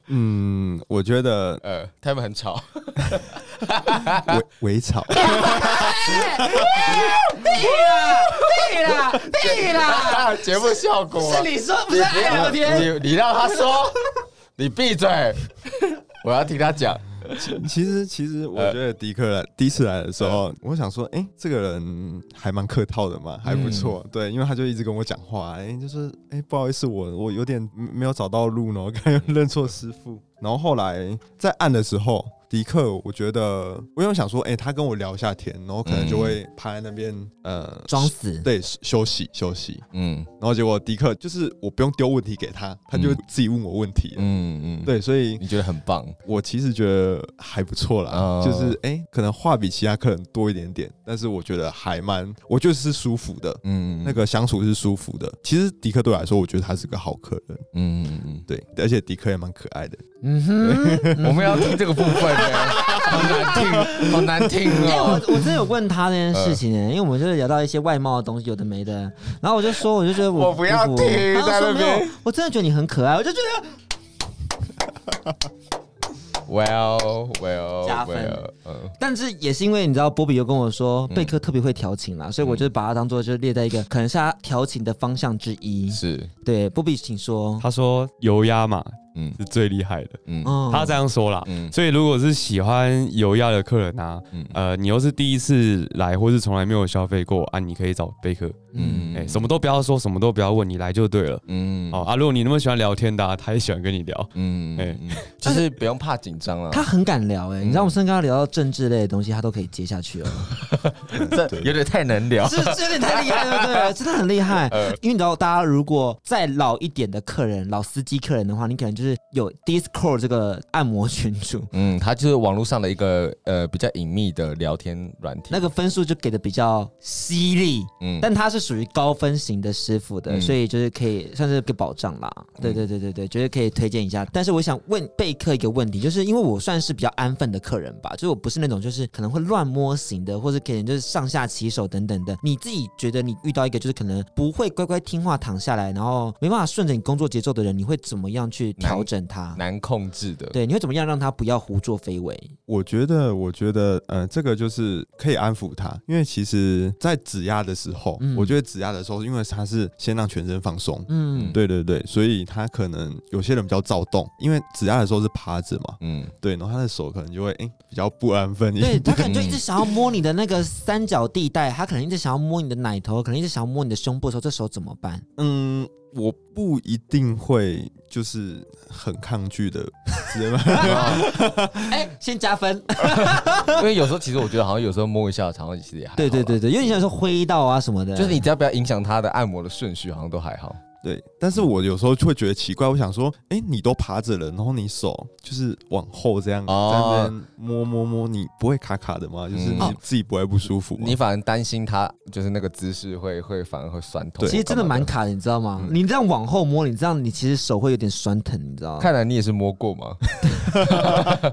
嗯，我覺得，呃，他們很吵，嗯，微微吵哈哈哈哈，欸。閉、欸、了，閉了，閉了！節目效果你說不是愛的？你你，你讓他說，你閉嘴，我要聽他講。其實，其實我覺得迪克來第一次來的時候，我想說，哎、欸，這個人還蠻客套的嘛，還不錯。嗯、對，因為他就一直跟我講話，哎、欸，就是哎、欸，不好意思，我我有點沒有找到路呢，我剛剛認錯師傅。然後後來在按的時候。迪克，我覺得我有想說，哎、欸，他跟我聊一下天，然後可能就會趴在那邊、嗯，呃，裝死，對，休息休息，嗯，然後結果迪克就是我不用丟問題給他，他就自己問我問題，嗯嗯，嗯，對，所以你覺得很棒？我其實覺得還不錯啦、哦，就是哎、欸，可能話比其他客人多一點點，但是我覺得還蠻，我就是舒服的，嗯，那個相處是舒服的。其實迪克對我來說，我覺得他是個好客人，嗯嗯，對，而且迪克也蠻可愛的，嗯哼，我們要聽這個部分。 *laughs* *laughs* 好難聽，好難聽哦，喔！因為我我真的有問他這件事情呢，欸 *laughs* 呃，因為我們就是聊到一些外貌的東西，有的沒的。然後我就說，我就覺得我，我不要聽。他說沒有，我真的覺得你很可愛，我就覺得。 *laughs* Well, well, 加分。呃，well, uh，但是也是因為你知道，波比又跟我說貝克，嗯，特別會調情嘛，所以我就把他當做就是列在一個可能是他調情的方向之一。是，對，波比，請說。他說油壓嘛。嗯，是最厲害的。嗯，他這樣說啦。嗯，所以如果是喜歡油壓的客人啊，嗯，呃，你又是第一次來或是從來沒有消費過，啊，你可以找貝克。嗯，哎、欸，什麼都不要說，什麼都不要問，你來就對了。嗯，好、哦，阿、啊、如果你那麼喜歡聊天的、啊，他也喜歡跟你聊。嗯，哎、欸，就、嗯、是不用怕緊張了，他很敢聊、欸。哎、嗯，你知道，我們跟他聊到政治類的東西，他都可以接下去哦。嗯、 *laughs* 這有點太能聊，是是，是有點太厲害了，對， *laughs* 真的很厲害。因為你知道，大家如果再老一點的客人，老司機客人的話，你可能就是有 Discord 這個按摩群組。嗯，他就是網絡上的一個呃比較隱秘的聊天軟體。那個分數就給的比較犀利。嗯，但他是。屬於高分型的師傅的、嗯，所以就是可以算是個保障啦、嗯。對對對對對，覺、就、得、是、可以推薦一下、嗯。但是我想問貝克一個問題，就是因為我算是比較安分的客人吧，就是我不是那種就是可能會亂摸型的，或者可能就是上下其手等等的。你自己覺得你遇到一個就是可能不會乖乖聽話躺下來，然後沒辦法順着你工作節奏的人，你會怎麼樣去調整他難？難控制的。對，你會怎麼樣讓他不要胡作非為？我覺得，我覺得，嗯、呃，這個就是可以安撫他，因為其實，在指壓的時候，嗯、我覺得。做指壓的時候，因為他是先讓全身放鬆，嗯，對對對，所以他可能有些人比較躁動，因為指壓的時候是趴着嘛，嗯，對，然後他的手可能就會哎、欸，比較不安分一點，對他可能就一直想要摸你的那個三角地帶、嗯，他可能一直想要摸你的奶頭，可能一直想要摸你的胸部的時候，這時候怎麼辦？嗯，我不一定會就是很抗拒的。哎、 *laughs* 啊欸，先加分， *laughs* 因為有時候其實我覺得，好像有時候摸一下，常常其實也還好。對對對對，因為你想說揮到啊什麼的，就是你只要不要影響他的按摩的順序，好像都還好。對，但是我有時候就會覺得奇怪，我想說，哎、欸，你都趴着了，然後你手就是往後這樣、哦、摸摸摸，你不會卡卡的嗎？就是你自己不會不舒服嗎、嗯哦？你反而擔心它就是那個姿勢會會反而會酸痛。對，其實真的蠻卡的，你知道嗎、嗯？你這樣往後摸，你這樣你其實手會有點酸疼，你知道嗎？看來你也是摸過嗎？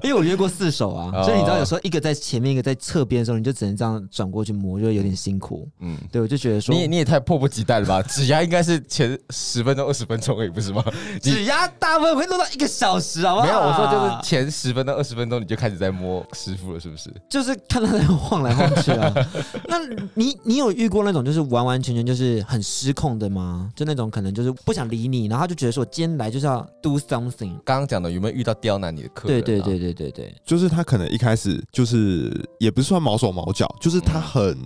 *laughs* 因為我約過四手啊，所以你知道有時候一個在前面，一個在側邊的時候，你就只能這樣轉過去摸，就會有點辛苦。嗯，對，我就覺得說，你也你也太迫不及待了吧？ *laughs* 指壓應該是前。十分鐘、二十分鐘而已，不是嗎？指壓大部分會弄到一個小時，好不好？沒有，我說就是前十分鐘、二十分鐘你就開始在摸師傅了，是不是？就是看他在晃來晃去啊。 *laughs* 那你你有遇過那種就是完完全全就是很失控的嗎？就那種可能就是不想理你，然後他就覺得說今天來就是要 do something。剛剛講的有沒有遇到刁難你的客人、啊？對對對對對對，就是他可能一開始就是也不是算毛手毛腳，就是他很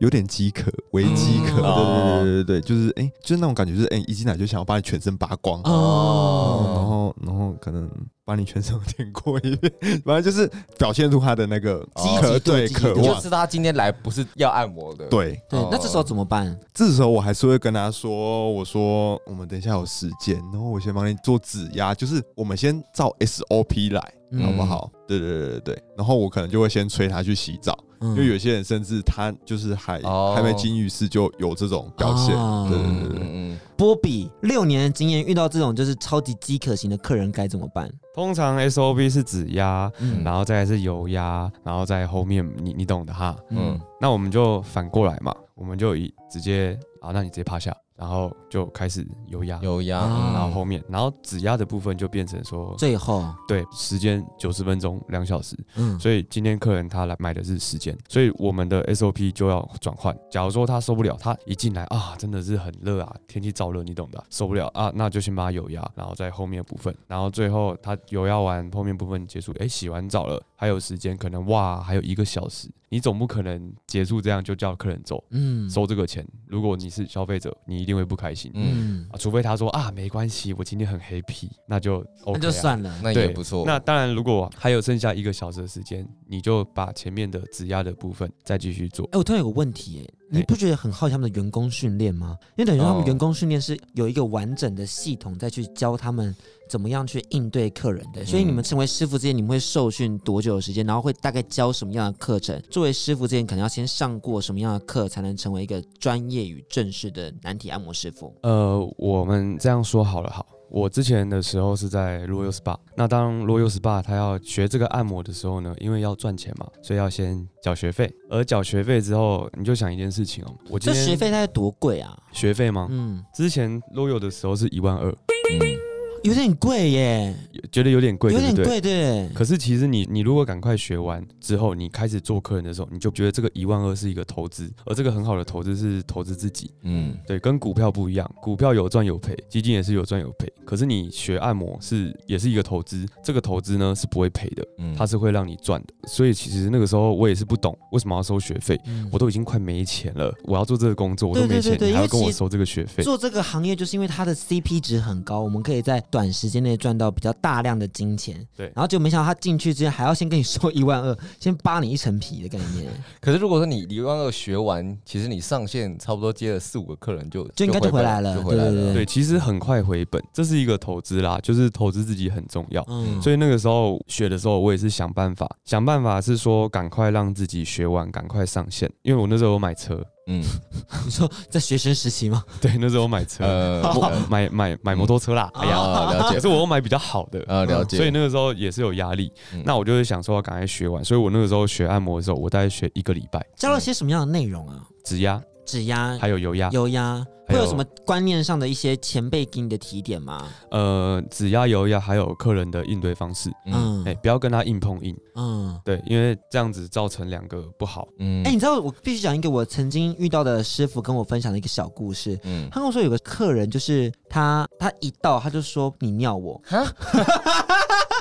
有點飢渴、為飢渴、嗯，對對對對對，就是哎、欸，就是那種感覺，就是哎。欸一一進來就想要把你全身扒光，哦、然後然後可能把你全身舔過一遍，反正就是表現出他的那個飢渴對渴望。你就知道他今天來不是要按摩的，對對、嗯。那這時候怎麼辦？這時候我還是會跟他說：“我說我們等一下有時間，然後我先幫你做指壓，就是我們先照 SOP 來、嗯，好不好？對對對對對。然後我可能就會先催他去洗澡。”因為有些人甚至他就是還、嗯、還沒進浴室就有這種表現、哦，對對對對。波比六年經驗，遇到這種就是超級饑渴型的客人該怎麼辦？通常 SOB 是指壓、嗯，然後再是油壓，然後在後面，你你懂的哈。嗯，那我們就反過來嘛，我們就一直接啊，那你直接趴下。然後就開始油壓油壓、嗯嗯、然後後面，然後指壓的部分就變成說最後對時間九十分鐘兩小時，嗯，所以今天客人他來買的是時間，所以我們的 SOP 就要轉換。假如說他受不了，他一進來啊，真的是很熱啊，天氣燥熱，你懂的，受不了啊，那就先把他油壓，然後在後面的部分，然後最後他油壓完後面部分結束，哎，洗完澡了，還有時間，可能哇，還有一個小時。你總不可能結束這樣就叫客人走，嗯，收這個錢。如果你是消費者，你一定會不開心，嗯。啊、除非他說啊，沒關係，我今天很 happy，那就、OK 啊、那就算了，對，那也不錯。那當然，如果還有剩下一個小時的時間，你就把前面的指壓的部分再繼續做。哎、欸，我突然有個問題、欸，你不覺得很好奇他們的員工訓練嗎？因為等於說他們員工訓練是有一個完整的系統，在去教他們怎麼樣去應對客人，的。所以你們成為師傅之前，你們會受訓多久的時間？然後會大概教什麼樣的課程？作為師傅之前，可能要先上過什麼樣的課，才能成為一個專業與正式的男體按摩師傅？呃，我們這樣說好了，好。我之前的時候是在 Royal Spa，那當 Royal Spa 他要學這個按摩的時候呢，因為要賺錢嘛，所以要先繳學費。而繳學費之後，你就想一件事情哦、喔，我這學費大概多貴啊？學費嗎？嗯，之前 Royal 的時候是一萬二。嗯有點貴耶，覺得有點貴，有點貴，對。可是其實你，你如果趕快學完之後，你開始做客人的時候，你就覺得這個一萬二是一個投資，而這個很好的投資是投資自己。嗯，對，跟股票不一樣，股票有賺有賠，基金也是有賺有賠。可是你學按摩是也是一個投資，這個投資呢是不會賠的，它是會讓你賺的、嗯。所以其實那個時候我也是不懂為什麼要收學費、嗯，我都已經快沒錢了，我要做這個工作我都沒錢，對對對對你還要跟我收這個學費。做這個行業就是因為它的 CP 值很高，我們可以在。短時間內賺到比較大量的金錢，對，然後就沒想到他進去之前還要先跟你說一萬二，先扒你一層皮的概念。 *laughs* 可是如果說你一萬二學完，其實你上線差不多接了四五個客人就，就應就應該就回來了，就回來了對對對對。對，其實很快回本，這是一個投資啦，就是投資自己很重要。嗯，所以那個時候學的時候，我也是想辦法，想辦法是說趕快讓自己學完，趕快上線，因為我那時候有買車。嗯， *laughs* 你說在學生時期嗎？對，那時候買車，呃，買呃買買買摩托車啦。嗯、哎呀、哦，了解，可是我買比較好的。呃、哦，了解。所以那個時候也是有壓力、嗯。那我就是想說，趕快學完。所以我那個時候學按摩的時候，我大概學一個禮拜。教了些什麼樣的內容啊？嗯、指壓、指壓，還有油壓、油壓。有會有什麼觀念上的一些前輩給你的提點嗎？呃，指壓油壓，還有客人的應對方式。嗯，哎、欸，不要跟他硬碰硬。嗯，對，因為這樣子造成兩個不好。嗯，哎、欸，你知道我必須講一個我曾經遇到的師傅跟我分享的一個小故事。嗯，他跟我說有個客人就是他，他一到他就說，你尿我，哈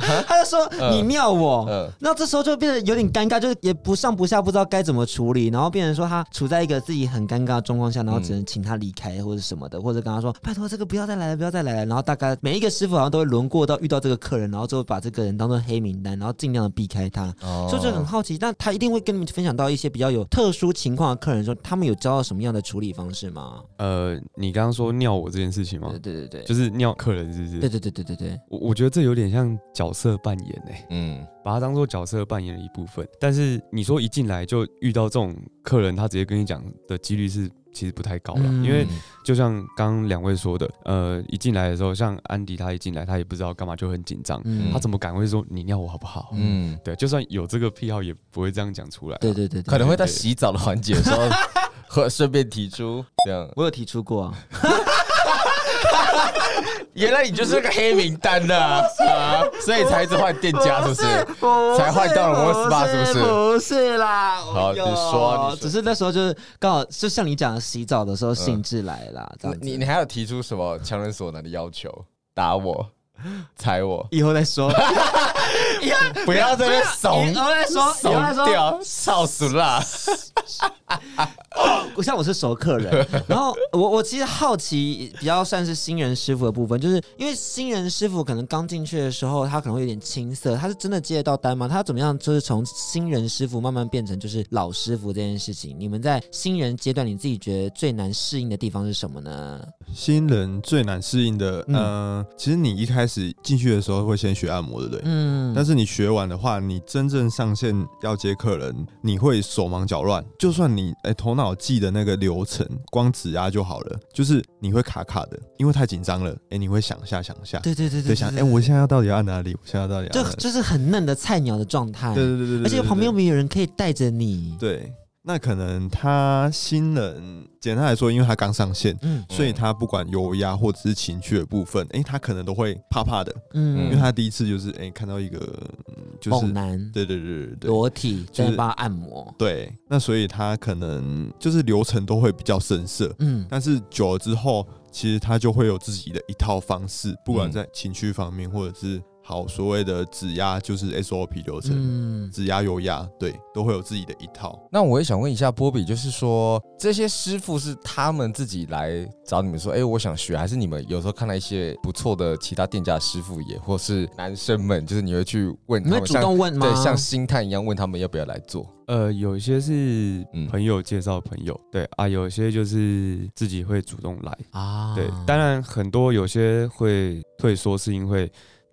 *laughs* 他就說你尿我。那、嗯、這時候就變得有點尷尬，就是也不上不下，不知道該怎麼處理，然後變成說他處在一個自己很尷尬的狀況下，然後只能請他離開。嗯或者什麼的，或者跟他說：“拜托，這個不要再來了，不要再來了。”然後大概每一個師傅好像都會輪過到遇到這個客人，然後就會把這個人當做黑名單，然後儘量的避開他。哦、所以就很好奇，那他一定會跟你們分享到一些比較有特殊情況的客人說，說他們有找到什麼樣的處理方式嗎？呃，你剛剛說尿我這件事情嗎？對對對對，就是尿客人，是不是？對對對對對對我。我我覺得這有點像角色扮演誒、欸，嗯，把它當做角色扮演的一部分。但是你說一進來就遇到這種客人，他直接跟你講的幾率是？其實不太高了，嗯，因為就像剛兩位說的，呃，一進來的時候，像安迪他一進來，他也不知道幹嘛就很緊張，嗯，他怎麼敢會說你尿我好不好？嗯，對，就算有這個癖好，也不會這樣講出來。對，對對對，可能會在洗澡的環節說，和順便提出 *laughs* 這樣，我有提出過啊。 *laughs* 原來你就是個黑名單的啊，所以才一直換店家，是不是？不是不是才換到了 Warm Spa，是不是？不是啦。哎、好你說、啊，你說，只是那時候就是剛好，就像你講的，洗澡的時候興致來啦。嗯、你你還有提出什麼強人所難的要求？打我，踩我，以後再說。 *laughs* 不要在那爽，都在說爽掉，死笑死了。不像我是熟客人。然後我我其實好奇，比較算是新人師傅的部分，就是因為新人師傅可能剛進去的時候，他可能會有點青澀。他是真的接得到單嗎？他怎麼樣？就是從新人師傅慢慢變成就是老師傅這件事情。你們在新人階段，你自己覺得最難適應的地方是什麼呢？新人最難適應的，嗯、呃，其實你一開始進去的時候會先學按摩的，對，嗯，但是。你學完的話，你真正上線要接客人，你會手忙腳亂。就算你、欸、頭腦記的那個流程，嗯，光指壓就好了，就是你會卡卡的，因為太緊張了。哎、欸，你會想下想下，對對對對，對，對想，想、欸、哎，我現在到底要按哪裡？我現在到底要按哪裡？就就是很嫩的菜鳥的狀態。對對對對，對，而且旁邊又沒有人可以帶着你。對。那可能他新人，簡單來說，因為他剛上線，嗯，所以他不管油壓或者是情趣的部分，哎、嗯欸，他可能都會怕怕的，嗯，因為他第一次就是哎、欸、看到一個，嗯、就是對對對，對裸體，就巴、是、按摩，對，那所以他可能就是流程都會比較生澀，嗯，但是久了之後，其實他就會有自己的一套方式，不管在情趣方面、嗯、或者是。好，所謂的指壓就是 SOP 流程，嗯，指壓油壓，對，都會有自己的一套。那我也想問一下波比，就是說這些師傅是他們自己來找你們說，哎、欸，我想學，還是你們有時候看到一些不錯的其他店家師傅也，或是男生們，就是你會去問他們，你們會主動問嗎？對，像星探一樣問他們要不要來做。呃，有一些是朋友介紹朋友，嗯、對啊，有一些就是自己會主動來啊。對，當然很多有些會退縮是因為。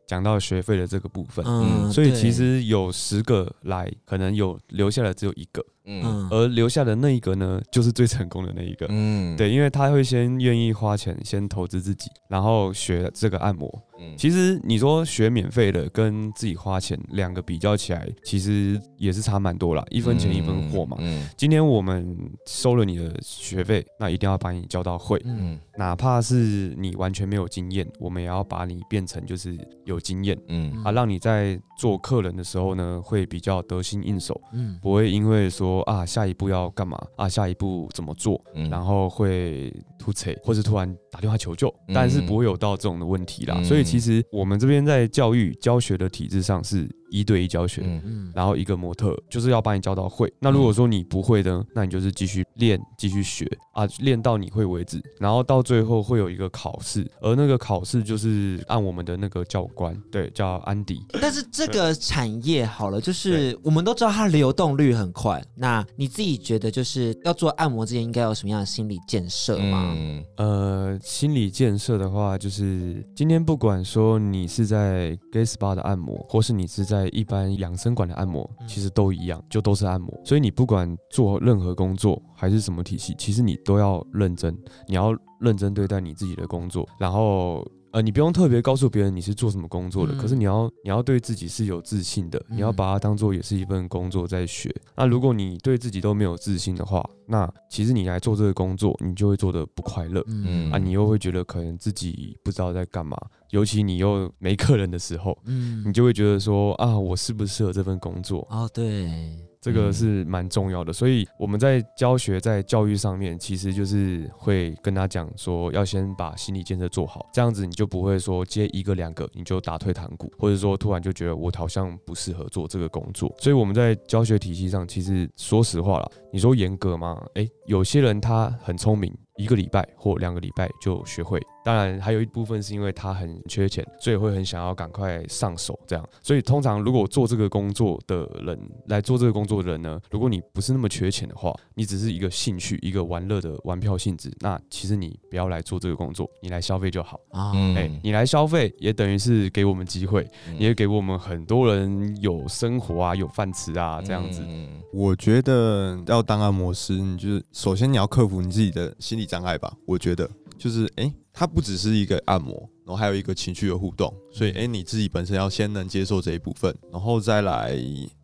講到學費的這個部分，嗯，所以其實有十個來，可能有留下來只有一個。嗯，而留下的那一個呢，就是最成功的那一個。嗯，對，因為他會先願意花錢，先投資自己，然後學這個按摩。嗯，其實你說學免費的跟自己花錢兩個比較起來，其實也是差蠻多了，一分錢一分貨嘛，嗯。嗯，今天我們收了你的學費，那一定要把你教到會。嗯，哪怕是你完全沒有經驗，我們也要把你變成就是有經驗。嗯，啊，讓你在做客人的時候呢，會比較得心應手。嗯，不會因為說。說啊，下一步要幹嘛啊？下一步怎麼做？嗯、然後會出差或者突然打電話求救，但是不會有到這種的問題啦。嗯嗯、所以其實我們這邊在教育教學的體制上是一對一教學，嗯嗯、然後一個模特就是要把你教到會。那如果說你不會的，那你就是繼續練，繼續學啊，練到你會為止。然後到最後會有一個考試，而那個考試就是按我們的那個教官，對，叫安迪。但是這個產業好了，就是我們都知道它流動率很快。那你自己覺得就是要做按摩之前應該有什麼樣的心理建設嗎？嗯嗯，呃，心理建設的話，就是今天不管說你是在 Gay Spa 的按摩，或是你是在一般養生館的按摩，其實都一樣，就都是按摩。所以你不管做任何工作還是什麼體系，其實你都要認真，你要認真對待你自己的工作，然後。呃，你不用特別告訴別人你是做什麼工作的。嗯、可是你要你要對自己是有自信的，嗯、你要把它當做也是一份工作在學。那如果你對自己都沒有自信的話，那其實你來做這個工作，你就會做得不快樂。嗯啊，你又會覺得可能自己不知道在幹嘛，尤其你又沒客人的時候，嗯，你就會覺得說啊，我適不適合這份工作？哦，對。這個是蠻重要的，所以我們在教學在教育上面，其實就是會跟他講說，要先把心理建設做好，這樣子你就不會說接一個兩個你就打退堂鼓，或者說突然就覺得我好像不適合做這個工作。所以我們在教學體系上，其實說實話啦，你說嚴格嗎？誒，有些人他很聰明，一個禮拜或兩個禮拜就學會。當然，還有一部分是因為他很缺錢，所以會很想要趕快上手這樣。所以，通常如果做這個工作的人來做這個工作的人呢，如果你不是那麼缺錢的話，你只是一個興趣、一個玩樂的玩票性質，那其實你不要來做這個工作，你來消費就好啊、欸。誒、嗯，你來消費也等於是給我們機會，嗯、也給我們很多人有生活啊、有飯吃啊這樣子。嗯、我覺得要當按摩師，你就是首先你要克服你自己的心理障礙吧。我覺得。就是哎，它不只是一個按摩，然後還有一個情緒的互動，所以哎，你自己本身要先能接受這一部分，然後再來。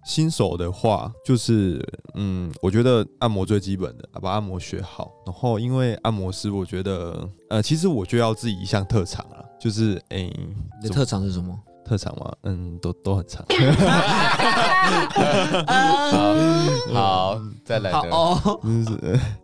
新手的話，就是嗯，我覺得按摩最基本的把按摩學好，然後因為按摩師，我覺得呃，其實我就要自己一項特長了，就是哎，你的特長是什麼？特長嗎？嗯，都都很長。 *laughs* *laughs* *laughs* *laughs* *laughs* 好，好再來好哦。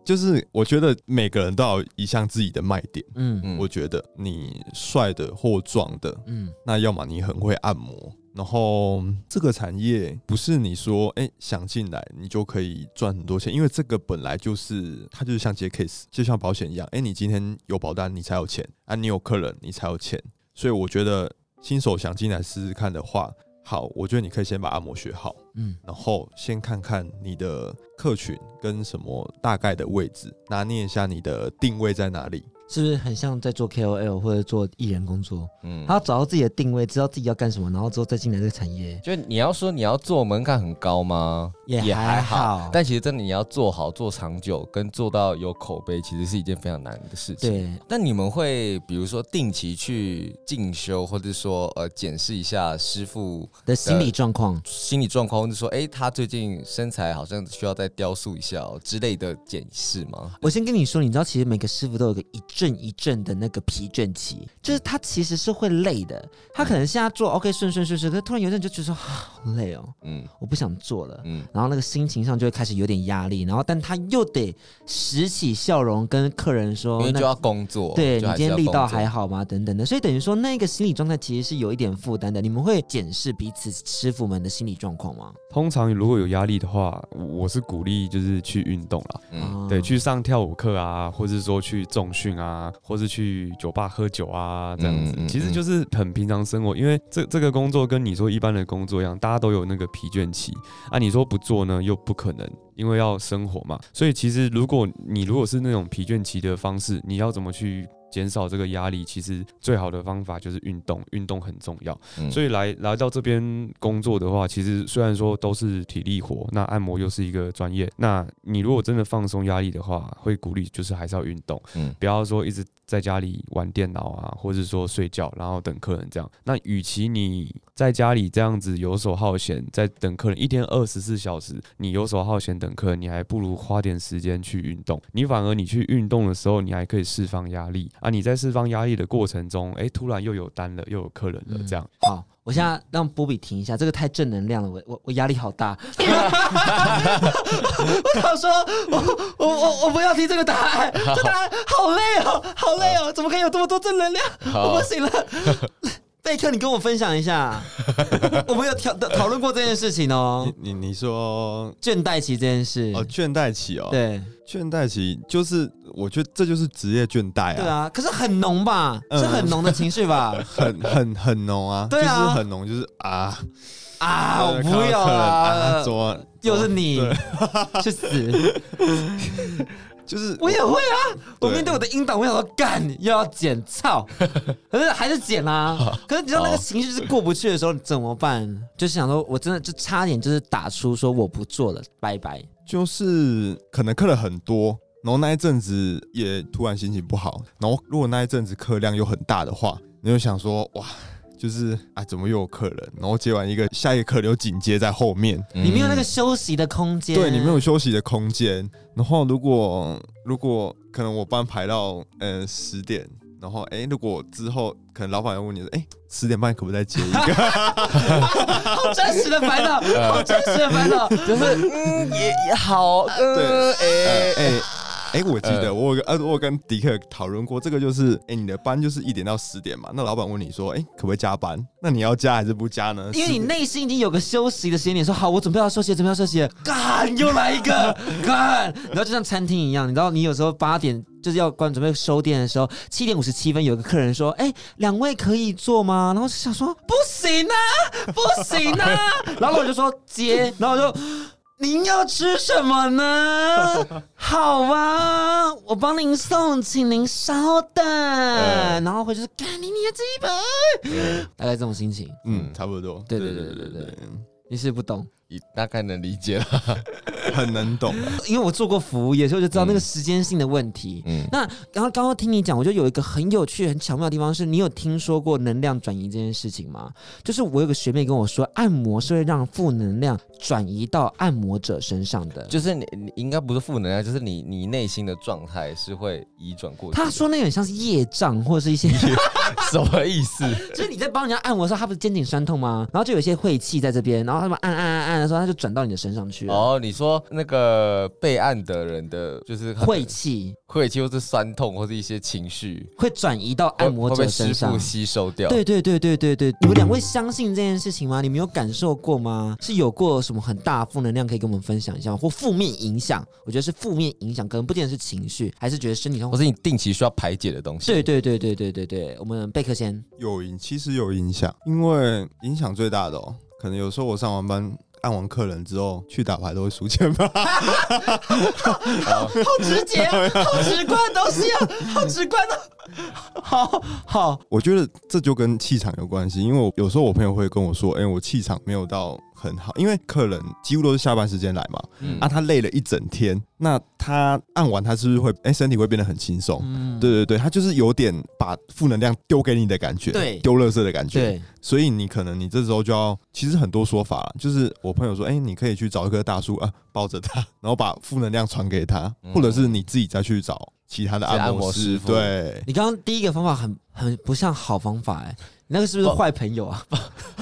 就是， *laughs* *laughs* 就是，我覺得每個人都有一項自己的賣點。嗯，嗯我覺得你帥的或壯的，嗯，那要麼你很會按摩。然後這個產業不是你說哎、欸、想進來你就可以賺很多錢，因為這個本來就是它就是像接 case，就像保險一樣。哎、欸，你今天有保單你才有錢啊，你有客人你才有錢。所以我覺得。新手想進來試試看的話，好，我覺得你可以先把按摩學好，嗯，然後先看看你的客群跟什麼大概的位置，拿捏一下你的定位在哪裡。是不是很像在做 KOL 或者做藝人工作？嗯，他要找到自己的定位，知道自己要幹什麼，然後之後再進來這個產業。就你要說你要做門檻很高嗎？也還好。但其實真的你要做好、做長久，跟做到有口碑，其實是一件非常難的事情。對。但你們會比如說定期去進修，或者說呃檢視一下師傅的心理狀況、心理狀況，就說哎，他最近身材好像需要再雕塑一下之類的檢視嗎？我先跟你說，你知道，其實每個師傅都有個一。陣一陣的那個疲倦期，就是他其實是會累的。他可能現在做 OK 順順順順，他突然有一陣就覺得說好累哦、喔，嗯，我不想做了，嗯，然後那個心情上就會開始有點壓力。然後但他又得拾起笑容跟客人說，那就要工作，對作你今天力道還好嗎？等等的，所以等於說那個心理狀態其實是有一點負擔的。你們會檢視彼此師傅們的心理狀況嗎？通常如果有壓力的話，我是鼓勵就是去運動了，嗯，對，去上跳舞課啊，或是說去重訓啊。啊，或是去酒吧喝酒啊，這樣子，嗯嗯嗯、其實就是很平常生活。因為這這個工作跟你說一般的工作一樣，大家都有那個疲倦期。啊，你說不做呢，又不可能，因為要生活嘛。所以其實如果你如果是那種疲倦期的方式，你要怎麼去？減少這個壓力，其實最好的方法就是運動，運動很重要。嗯。所以來來到這邊工作的話，其實雖然說都是體力活，那按摩又是一個專業，那你如果真的放鬆壓力的話，會鼓勵就是還是要運動，嗯，不要說一直在家裡玩電腦啊，或者說睡覺，然後等客人這樣。那與其你在家裡這樣子遊手好閒，在等客人一天二十四小時，你遊手好閒等客人，你還不如花點時間去運動。你反而你去運動的時候，你還可以釋放壓力。啊！你在釋放壓力的過程中，哎、欸，突然又有單了，又有客人了，嗯、這樣。好，我現在讓波比停一下，這個太正能量了，我我我壓力好大。 *laughs* *laughs* *laughs* 我想說，我我我我不要聽這個答案，這答案好累哦、喔，好累哦、喔，怎麼可以有這麼多正能量？好，我不行了。 *laughs* 貝克，你跟我分享一下， *laughs* 我們有討討論過這件事情哦。你你，你說倦怠期這件事，哦，倦怠期哦，對，倦怠期就是，我覺得這就是職業倦怠啊。對啊，可是很濃吧、嗯？是很濃的情緒吧？ *laughs* 很很很濃啊！對啊，就是、很濃就是啊啊，我不要啊！說、啊、又是你，啊、 *laughs* 去死！ *laughs* 就是我也會啊，我，對我面對我的陰導，我會想說，幹又要剪操， *laughs* 可是還是剪啊。 *laughs* 可是你知道那個情緒是過不去的時候， *laughs* 怎麼辦？就是想說我真的就差點就是打出說我不做了，拜拜。就是可能課了很多，然後那一陣子也突然心情不好，然後如果那一陣子課量又很大的話，你就想說哇。就是啊，怎麼又有客人？然後接完一個，下一個客流緊接在後面，你沒有那個休息的空間。嗯。對，你沒有休息的空間。然後如果如果可能，我班排到呃十點，然後哎、欸，如果之後可能老闆要問你，哎、欸，十點半可不可以再接一個 *laughs* *laughs* *laughs* 好？好真實的煩惱，好真實的煩惱，就是、嗯、也也好，呃，哎哎。呃欸欸哎、欸，我記得呃我呃，我跟迪克討論過這個，就是哎、欸，你的班就是一點到十點嘛。那老闆問你說，哎、欸，可不可以加班？那你要加還是不加呢？因為你內心已經有個休息的時間點，說好，我準備要休息，準備要休息。幹，又來一個幹， *laughs* 然後就像餐廳一樣，你知道，你有時候八點就是要關，準備收店的時候，七點五十七分有個客人說，哎、欸，兩位可以坐嗎？然後就想說，不行啊，不行啊。 *laughs* 然後我就說接，然後我就。您要吃什麼呢？ *laughs* 好吧，我幫您送，請您稍等，呃、然後回去趕你你的資本，大、嗯、概這種心情，嗯，差不多，對對對對對，對，你是不懂。你大概能理解了 *laughs* 很能懂，因為我做過服務業，所以我就知道那個時間性的問題。嗯嗯、那然後剛剛聽你講，我就有一個很有趣、很巧妙的地方，是你有聽說過能量轉移這件事情嗎？就是我有個學妹跟我說，按摩是會讓負能量轉移到按摩者身上的。就是你，你應該不是負能量，就是你，你內心的狀態是會移轉過去。他說那個很像是業障，或者是一些什麼意思？ *laughs* 就是你在幫人家按摩的時候，他不是肩頸痠痛嗎？然後就有一些晦氣在這邊，然後他們按按按按，按。的時候他就轉到你的身上去了。哦，你說那個被按的人的，就是晦氣、晦氣，或是酸痛，或是一些情緒，會轉移到按摩者身上，吸收掉。對對對對對對，對，你們兩位相信這件事情嗎？你們有感受過嗎？是有過什麼很大負能量可以跟我們分享一下，或負面影響？我覺得是負面影響，可能不僅是情緒，還是覺得身體上，或是你定期需要排解的東西。對對對對對對，對，我們貝克先有影，其實有影響，因為影響最大的哦、喔，可能有時候我上完班。按完客人之後去打牌都會輸錢吧。 *laughs* 好，好好直接、啊，好直觀的東西、啊，都是要好直觀的、啊。好好，我覺得這就跟氣場有關係，因為我有時候我朋友會跟我說，哎、欸，我氣場沒有到很好，因為客人幾乎都是下班時間來嘛，嗯、啊，他累了一整天，那他按完他是不是會，哎、欸，身體會變得很輕鬆、嗯？對對對，他就是有點把負能量丟給你的感覺，對，丟垃圾的感覺，所以你可能你這時候就要，其實很多說法，就是我朋友說，哎、欸，你可以去找一棵大樹啊，抱着它，然後把負能量傳給他，或者是你自己再去找。其他的其他按摩師傅，對，你剛剛第一個方法很很不像好方法，哎、欸，你那個是不是壞朋友啊？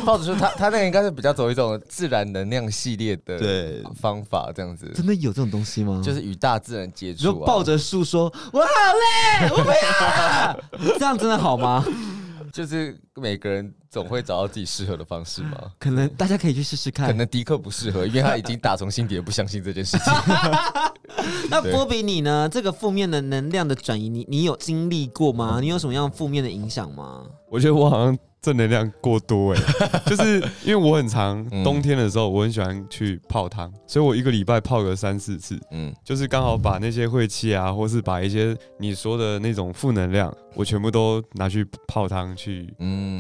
抱、哦、着說他他那個應該是比較走一種自然能量系列的對方法，這樣子真的有這種東西嗎？就是與大自然接觸、啊，如抱着樹說：“我好累，我啊、 *laughs* 這樣真的好嗎？” *laughs* 就是每個人總會找到自己適合的方式嘛，可能大家可以去試試看，嗯。可能迪克不適合，因為他已經打從心底不相信這件事情。 *laughs* *laughs* *laughs* *laughs* 那波比你呢？這個負面的能量的轉移你，你你有經歷過嗎？你有什麼樣負面的影響嗎？我覺得我好像。正能量過多哎、欸，就是因為我很常冬天的時候，我很喜歡去泡湯、嗯，所以我一個禮拜泡個三四次，嗯，就是剛好把那些晦氣啊，或是把一些你說的那種負能量，我全部都拿去泡湯去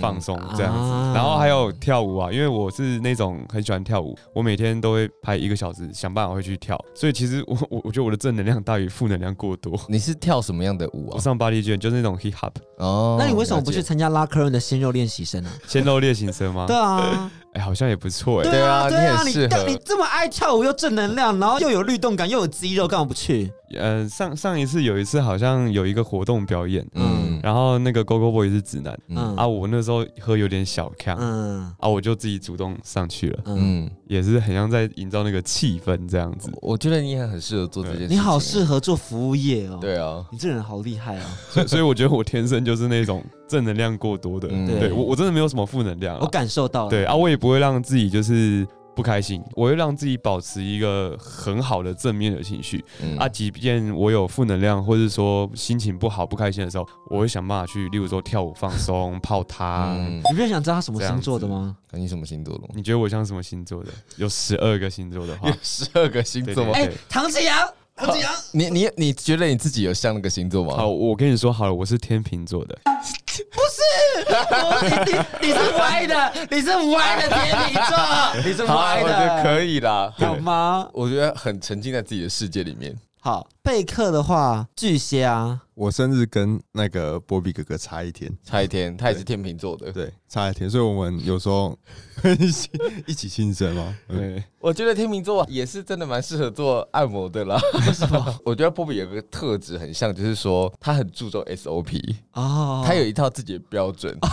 放鬆這樣子、嗯啊。然後還有跳舞啊，因為我是那種很喜歡跳舞，我每天都會拍一個小時，想辦法會去跳。所以其實我我我覺得我的正能量大於負能量過多。你是跳什麼樣的舞啊？我上芭蕾圈就是那種 hip hop。哦、oh，那你為什麼不去參加拉科恩的鮮肉練習？犧牲啊，先露烈行僧嗎？ *laughs* 對啊，哎，好像也不錯哎，對啊，對啊你，你你，但你這麼愛跳舞又正能量，然後又有律動感，又有肌肉，幹嘛不去？呃、上上一次有一次好像有一個活動表演，嗯，然後那個 Go Go Boy 是直男，嗯啊，我那時候喝有點小亢、嗯，嗯啊，我就自己主動上去了，嗯，也是很像在營造那個氣氛這樣子、嗯。我覺得你也很適合做這件事情，你好適合做服務業哦，對啊，你這人好厲害啊， *laughs* 所以我覺得我天生就是那種正能量過多的人，嗯、對我我真的沒有什麼負能量、啊，我感受到了，對啊，我也不會讓自己就是。不開心，我會讓自己保持一個很好的正面的情緒、嗯、啊。即便我有負能量，或者說心情不好、不開心的時候，我會想辦法去，例如說跳舞放鬆、 *laughs* 泡湯、嗯。你不是想知道他什麼星座的嗎？你什麼星座的？你覺得我像什麼星座的？有十二個星座的話， *laughs* 有十二個星座嗎？哎、欸，唐志揚。好，你你你你覺得你自己有像那個星座嗎？好，我跟你說好了，我是天秤座的，不是，我你你你是歪的，你是歪的天秤座， *laughs* 你是歪的，啊、我覺得可以啦，好嗎？我覺得很沉浸在自己的世界裡面。好。貝克的話，巨蟹啊！我生日跟那個波比哥哥差一天，差一天，他也是天秤座的，對，對，差一天，所以我們有時候 *laughs* 一起一起慶生嘛。對、嗯，我覺得天秤座也是真的蠻適合做按摩的啦。是嗎？ *laughs* 我覺得波比有一個特質很像，就是說他很注重 SOP 哦。他有一套自己的標準。 *laughs* *laughs*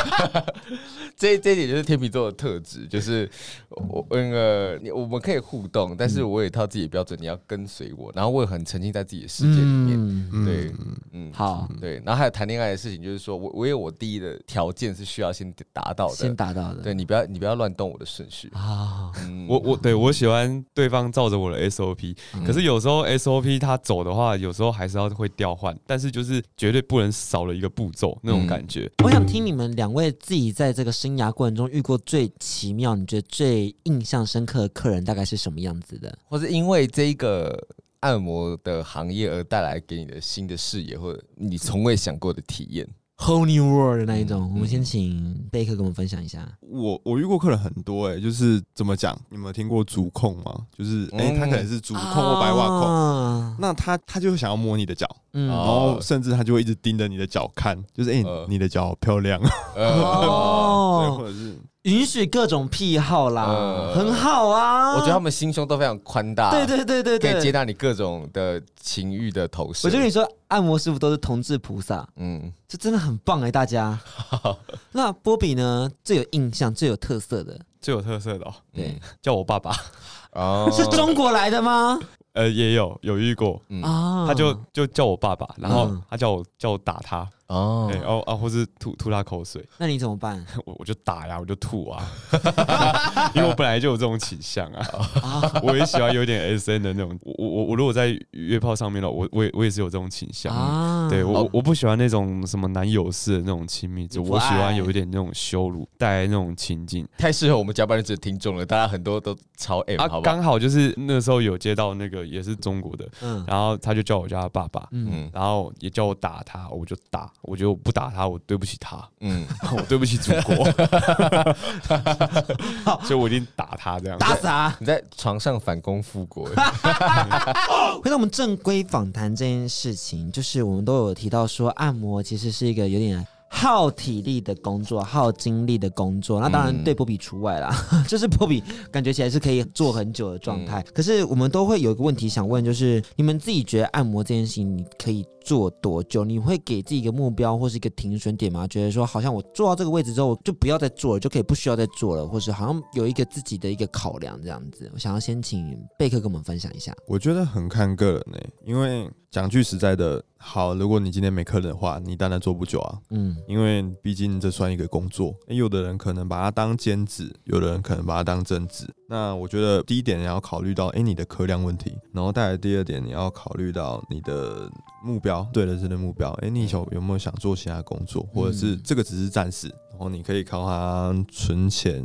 *laughs* 這這一點就是天秤座的特質，就是我那個、嗯呃，我們可以互動，但是我有一套自己的標準，你要跟隨我，然後我。很沉浸在自己的世界裡面、嗯對嗯，對，嗯，好，對，然後還有談戀愛的事情，就是說我我有我第一的條件是需要先達到的，先達到的，對你不要你不要亂動我的順序啊、嗯嗯，我我對我喜歡對方照着我的 SOP、嗯、可是有時候 SOP 他走的話，有時候還是要會調換，但是就是絕對不能少了一個步驟那種感覺、嗯。我想聽你們兩位自己在這個生涯過程中遇過最奇妙，你覺得最印象深刻的客人大概是什麼樣子的，或是因為這一個。按摩的行業而帶來給你的新的視野，或者你從未想過的體驗，Whole New World 的那一種。嗯、我們先請貝克跟我們分享一下。我我遇過客人很多誒、欸，就是怎麼講？你有沒有聽過足控嗎？就是哎、嗯欸，他可能是足控或白襪控、嗯哦，那他他就想要摸你的腳、嗯哦，然後甚至他就會一直盯着你的腳看，就是哎、欸呃，你的腳好漂亮啊，對、呃， *laughs* 哦、或者是。允許各種癖好啦，呃，很好啊！我覺得他們心胸都非常寬大，對對對，對，對，可以接納你各種的情欲的投射。我就跟你說，按摩師傅都是同志菩薩，嗯，這真的很棒哎，欸，大家。哈哈哈哈，那波比呢？最有印象，最有特色的，最有特色的哦，對、嗯，叫我爸爸，哦、 *laughs* 是中國來的嗎？呃，也有有遇過、嗯、啊，他就就叫我爸爸，然後他叫我、嗯、叫我打他。Oh. 欸、哦，對哦啊，或是吐吐他口水，那你怎麼辦？我我就打呀、啊，我就吐啊， *laughs* 因為我本來就有這種傾向啊。 *laughs* oh. 我也喜歡有點 SM 的那種，我我我如果在約炮上面了，我我我也是有這種傾向。啊，oh. 對，我我不喜歡那種什麼男友式的那種親密，就我喜歡有一點那種羞辱帶來那種情境，太適合我們甲板的聽眾了，大家很多都超 M、啊、好不好？剛好就是那時候有接到那個也是中國的，嗯，然後他就叫我叫他爸爸，嗯，然後也叫我打他，我就打。我覺得我不打他，我對不起他，嗯， *laughs* 我對不起祖國， *laughs* *laughs* 所以我已經打他這樣打死啊！你在床上反攻復國。 *laughs* 回到我們正規訪談這件事情，就是我們都有提到說，按摩其實是一個有點耗體力的工作，耗精力的工作。那當然對波比除外啦，就是波比感覺起來是可以做很久的狀態，嗯。可是我們都會有一個問題想問，就是你們自己覺得按摩這件事情，你可以做多久？你會給自己一個目標，或是一個停損點嗎？覺得說好像我做到這個位置之後，我就不要再做了，就可以不需要再做了，或是好像有一個自己的一個考量這樣子。我想要先請貝克跟我們分享一下。我覺得很看個人呢。因為講句實在的，好，如果你今天沒客人的話，你當然做不久啊，嗯，因為畢竟這算一個工作。欸，有的人可能把它當兼職，有的人可能把它當正職。那我覺得第一點你要考慮到，哎，你的客量問題。然後，再來，第二點你要考慮到你的目標，對的，這個目標。哎，你有有沒有想做其他工作，或者是這個只是暫時？然後你可以靠它存錢。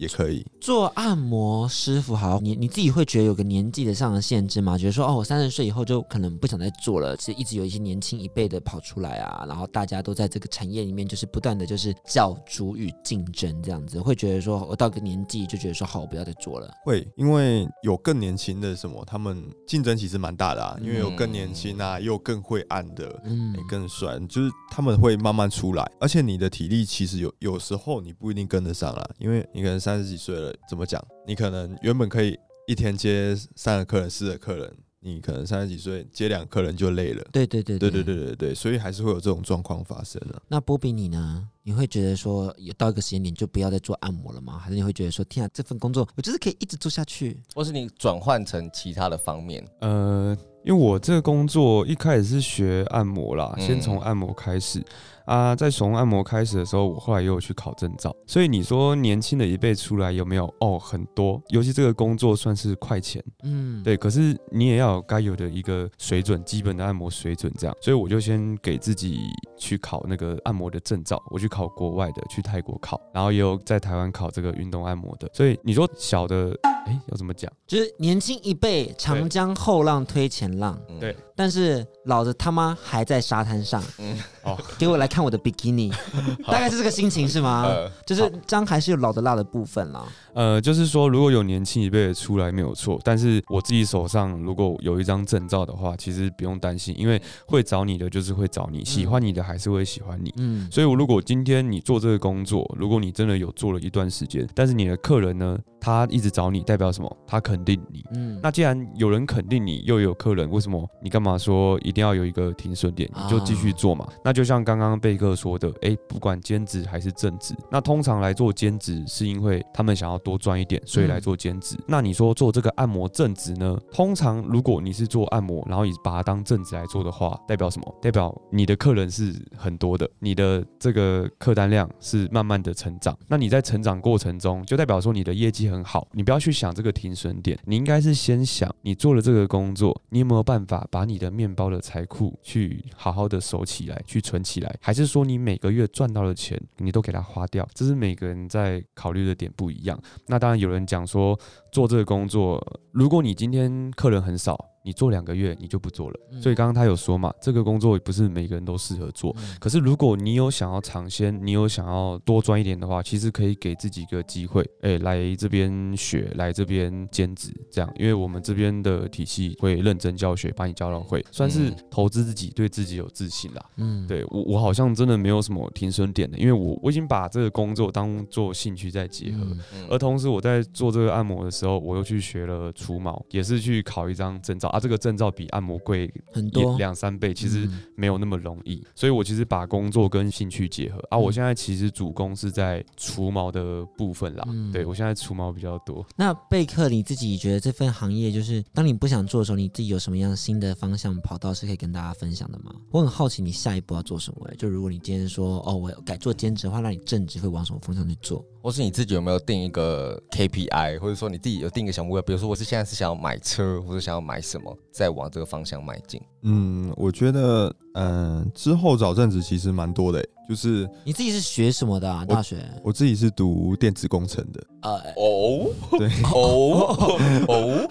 也可以做按摩師傅，好，你你自己會覺得有個年紀的上的限制嗎？覺得說哦，我三十歲以後就可能不想再做了。其實一直有一些年輕一輩的跑出來啊，然後大家都在這個產業裡面，就是不斷的就是角逐與競爭這樣子，會覺得說我到個年紀就覺得說好，我不要再做了。會因為有更年輕的什麼，他們競爭其實蠻大的啊，因為有更年輕啊，又更會按的，嗯、欸，更帥，就是他們會慢慢出來，而且你的體力其實有有時候你不一定跟得上啊，因為你跟。上。三十幾歲了，怎麼講？你可能原本可以一天接三個客人、四個客人，你可能三十幾歲接兩個客人就累了。對對對對對對對對，所以還是會有這種狀況發生的，啊。那波比，你呢？你會覺得說，也到一個時間點就不要再做按摩了嗎？還是你會覺得說，天啊，這份工作我就是可以一直做下去，或是你轉換成其他的方面？呃，因為我這個工作一開始是學按摩啦，嗯、先從按摩開始。啊，在從按摩開始的時候，我後來也有去考證照，所以你說年輕的一輩出來有沒有？哦，很多，尤其這個工作算是快錢，嗯，對。可是你也要該有,有的一個水準、嗯，基本的按摩水準這樣。所以我就先給自己去考那個按摩的證照，我去考國外的，去泰國考，然後也有在台灣考這個運動按摩的。所以你說小的，哎、欸，要怎麼講？就是年輕一輩，長江後浪推前浪，對。嗯、但是老子他媽還在沙灘上、嗯，哦， *laughs* 給我來。看我的比基尼， *laughs* 大概是這個心情是嗎？ *laughs* 呃、就是薑還是有老的辣的部分啦。呃，就是說如果有年輕一輩的出來沒有錯，但是我自己手上如果有一張證照的話，其實不用擔心，因為會找你的就是會找你、嗯，喜歡你的還是會喜歡你。嗯，所以我如果今天你做這個工作，如果你真的有做了一段時間，但是你的客人呢，他一直找你，代表什麼？他肯定你。嗯，那既然有人肯定你，又有客人，為什麼你幹嘛說一定要有一個停損點？你就繼續做嘛。啊、那就像剛剛。貝克說的，誒、欸，不管兼職還是正職，那通常來做兼職是因為他們想要多賺一點，所以來做兼職，嗯。那你說做這個按摩正職呢？通常如果你是做按摩，然後你把它當正職來做的話，代表什麼？代表你的客人是很多的，你的這個客單量是慢慢的成長。那你在成長過程中，就代表說你的業績很好。你不要去想這個停損點，你應該是先想你做了這個工作，你有沒有辦法把你的面包的財庫去好好的守起來，去存起來。還是說你每個月賺到的錢，你都給它花掉，這是每個人在考慮的點不一樣。那當然有人講說，做這個工作，如果你今天客人很少，你做兩個月，你就不做了。所以剛剛他有說嘛，這個工作也不是每個人都適合做。可是如果你有想要嘗鮮，你有想要多賺一點的話，其實可以給自己一個機會，欸，來這邊學，來這邊兼職這樣，因為我們這邊的體系會認真教學，把你教到會，算是投資自己，對自己有自信啦。嗯，對，我我好像真的沒有什麼停損點的，因為我我已經把這個工作當做興趣在結合，而同時我在做這個按摩的時候，我又去學了除毛，也是去考一張證照。啊，這個證照比按摩貴很多，兩三倍，其實沒有那麼容易。所以我其實把工作跟興趣結合啊。我現在其實主攻是在除毛的部分啦。對我現在除毛比較多，嗯。那貝克你自己覺得這份行業，就是當你不想做的時候，你自己有什麼樣新的方向跑道是可以跟大家分享的嗎？我很好奇你下一步要做什麼。欸，就如果你今天說哦，我改做兼職的話，那你正職會往什麼方向去做？或是你自己有沒有定一個 KPI，或者說你自己有定一個小目標，比如說我是現在是想要買車，或是想要買什麼，再往這個方向邁進。嗯，我覺得。嗯，之後找陣子其實蠻多的、欸，就是你自己是學什麼的啊？大學？我，我自己是讀電子工程的。呃，哦、oh? oh? oh? oh? *laughs* 對，哦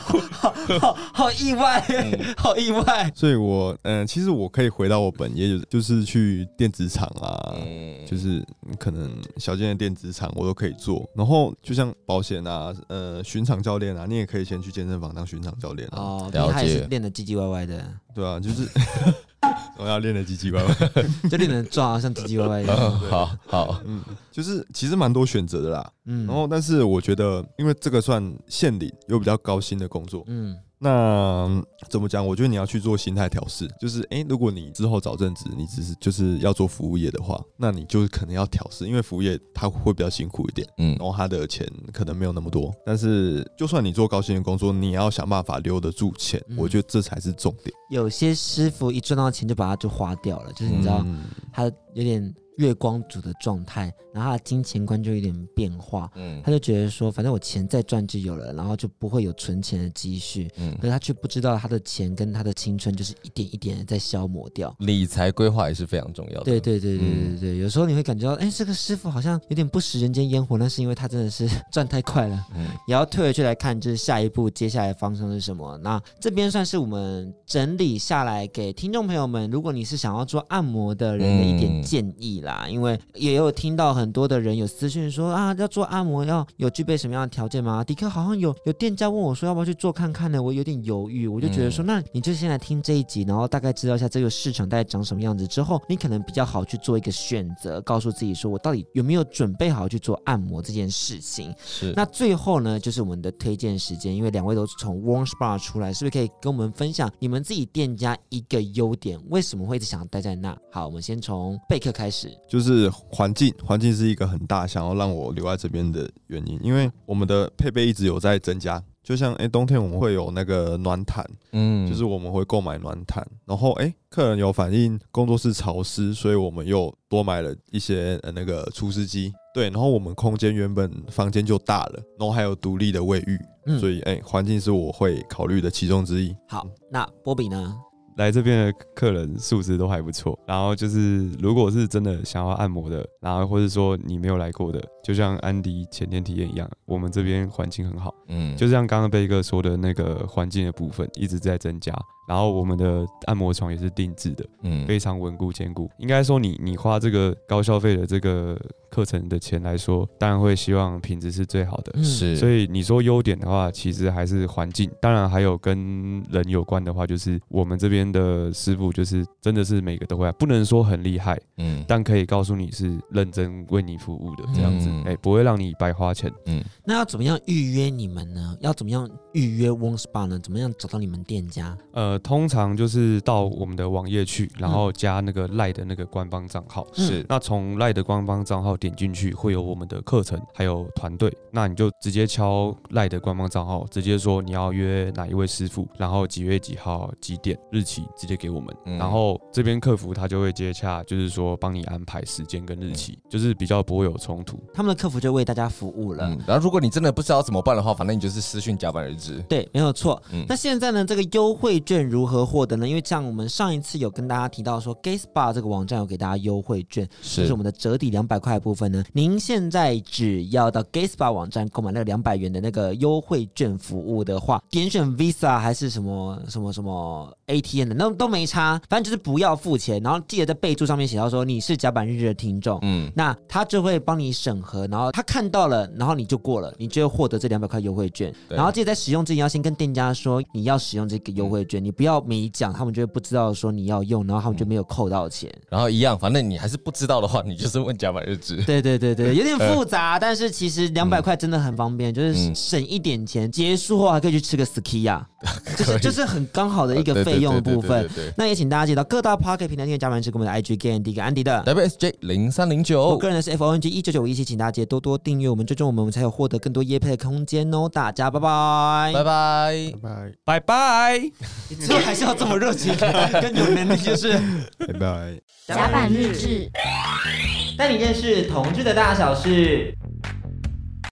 哦，好意外、欸，好意外。所以我嗯，其實我可以回到我本業、就是，就是去電子廠啊、欸，就是可能小間的電子廠我都可以做。然後就像保險啊，呃，巡場教練啊，你也可以先去健身房當巡場教練哦、啊。Oh, 他也是練的唧唧歪歪的。對啊，就是我、 *laughs* 哦、要練的唧唧歪歪，就練的抓像唧唧歪歪一樣。好好，嗯，就是其實蠻多選擇的啦，嗯，然後但是我覺得，因為這個算縣裡又比較高薪的工作，嗯。那怎麼講？我覺得你要去做心態調適，就是誒、欸，如果你之後找正職，你只是就是要做服務業的話，那你就是可能要調適，因為服務業他會比較辛苦一點，嗯，然後他的錢可能沒有那麼多。但是就算你做高薪的工作，你也要想辦法留得住錢，嗯，我覺得這才是重點。有些師傅一賺到錢就把它就花掉了，就是你知道，嗯、他有點。月光族的狀態，然後他的金錢觀就有點變化，嗯，他就覺得說，反正我錢再賺就有了，然後就不會有存錢的積蓄，嗯，可是他卻不知道他的錢跟他的青春就是一點一點在消磨掉。理財規劃也是非常重要的，對對對對對對，有時候你會感覺到，哎、欸，這個師傅好像有點不食人間煙火，那是因為他真的是賺 *laughs* 太快了，嗯，也要退回去來看，就是下一步接下來的方向是什麼。那這邊算是我們整理下來給聽眾朋友們，如果你是想要做按摩的人的一點建議了。嗯啊，因為也有聽到很多的人有私訊說啊，要做按摩要有具備什麼樣的條件嗎？迪克好像有有店家問我說要不要去做看看呢？我有點猶豫，我就覺得說、嗯，那你就先來聽這一集，然後大概知道一下這個市場大概長什麼樣子之後，你可能比較好去做一個選擇，告訴自己說我到底有沒有準備好去做按摩這件事情。是，那最後呢，就是我們的推薦時間，因為兩位都從 Warm Spa 出來，是不是可以跟我們分享你們自己店家一個優點，為什麼會一直想待在那？好，我們先從貝克開始。就是環境，環境是一個很大想要讓我留在這邊的原因，因為我們的配備一直有在增加，就像欸冬天我們會有那個暖毯，嗯，就是我們會購買暖毯，然後欸客人有反應工作室潮濕，所以我們又多買了一些那個除濕機，對，然後我們空間原本房間就大了，然後還有獨立的衛浴，嗯，所以欸環境是我會考慮的其中之一。好，那波比呢？來這邊的客人素質都還不錯，然後就是，如果是真的想要按摩的，然後或是說你沒有來過的。就像安迪前天體驗一樣，我們這邊環境很好。嗯，就像剛剛貝克說的那個環境的部分一直在增加，然後我們的按摩床也是定制的，嗯，非常穩固堅固。應該說你，你你花這個高消費的這個課程的錢來說，當然會希望品質是最好的。是，所以你說優點的話，其實還是環境。當然還有跟人有關的話，就是我們這邊的師傅就是真的是每個都會，不能說很厲害，嗯，但可以告訴你是認真為你服務的這樣子。嗯哎、嗯欸，不會讓你白花錢。嗯，那要怎麼樣預約你們呢？要怎麼樣預約 Warm Spa 呢？怎麼樣找到你們店家？呃，通常就是到我們的網頁去，然後加那個賴的那個官方賬號、嗯。是，嗯、那從賴的官方賬號點進去，會有我們的課程，還有團隊。那你就直接敲賴的官方賬號，直接說你要約哪一位師傅，然後幾月幾號幾點日期，直接給我們。嗯、然後這邊客服他就會接洽，就是說幫你安排時間跟日期、嗯，就是比較不會有衝突。他們的客服就為大家服務了。嗯、然後，如果你真的不知道怎麼辦的話，反正你就是私信甲板日誌。對，沒有錯、嗯。那現在呢？這個優惠券如何獲得呢？因為像我們上一次有跟大家提到說 Gayspa 這個網站有給大家優惠券，是就是我們的折抵兩百塊的部分呢。您現在只要到 Gayspa 網站購買那個兩百元的那個優惠券服務的話，點選 Visa 還是什麼什麼什麼 ATM 的，那都沒差，反正就是不要付錢。然後記得在備註上面寫到說你是甲板日誌的聽眾。嗯，那他就會幫你審核。然後他看到了，然後你就過了，你就獲得這兩百塊優惠券。然後記得在使用之前要先跟店家說你要使用這個優惠券，嗯、你不要沒講，他們就會不知道說你要用，然後他們就沒有扣到錢、嗯。然後一樣，反正你還是不知道的話，你就是問甲板日誌。對對對對，有點複雜，呃、但是其實兩百塊真的很方便、嗯，就是省一點錢。結束後還可以去吃個 Skia，、嗯、就是就是很剛好的一個費用的部分。那也請大家記得各大 p a r k i 平台訂閱甲板日誌給我們的 IG g n d 一個安迪的 WSJ 零三零九，我個人的是 FONG 一九九五一七。大家多多訂閱我們，最終我們才有獲得更多業配的空間哦！大家拜拜拜拜拜拜拜拜！Bye bye. Bye bye. Bye bye. *laughs* 這還是要這麼熱情，更 *laughs* *laughs* *laughs* 有能力就是拜拜。甲板日誌，帶你認識同志的大小事。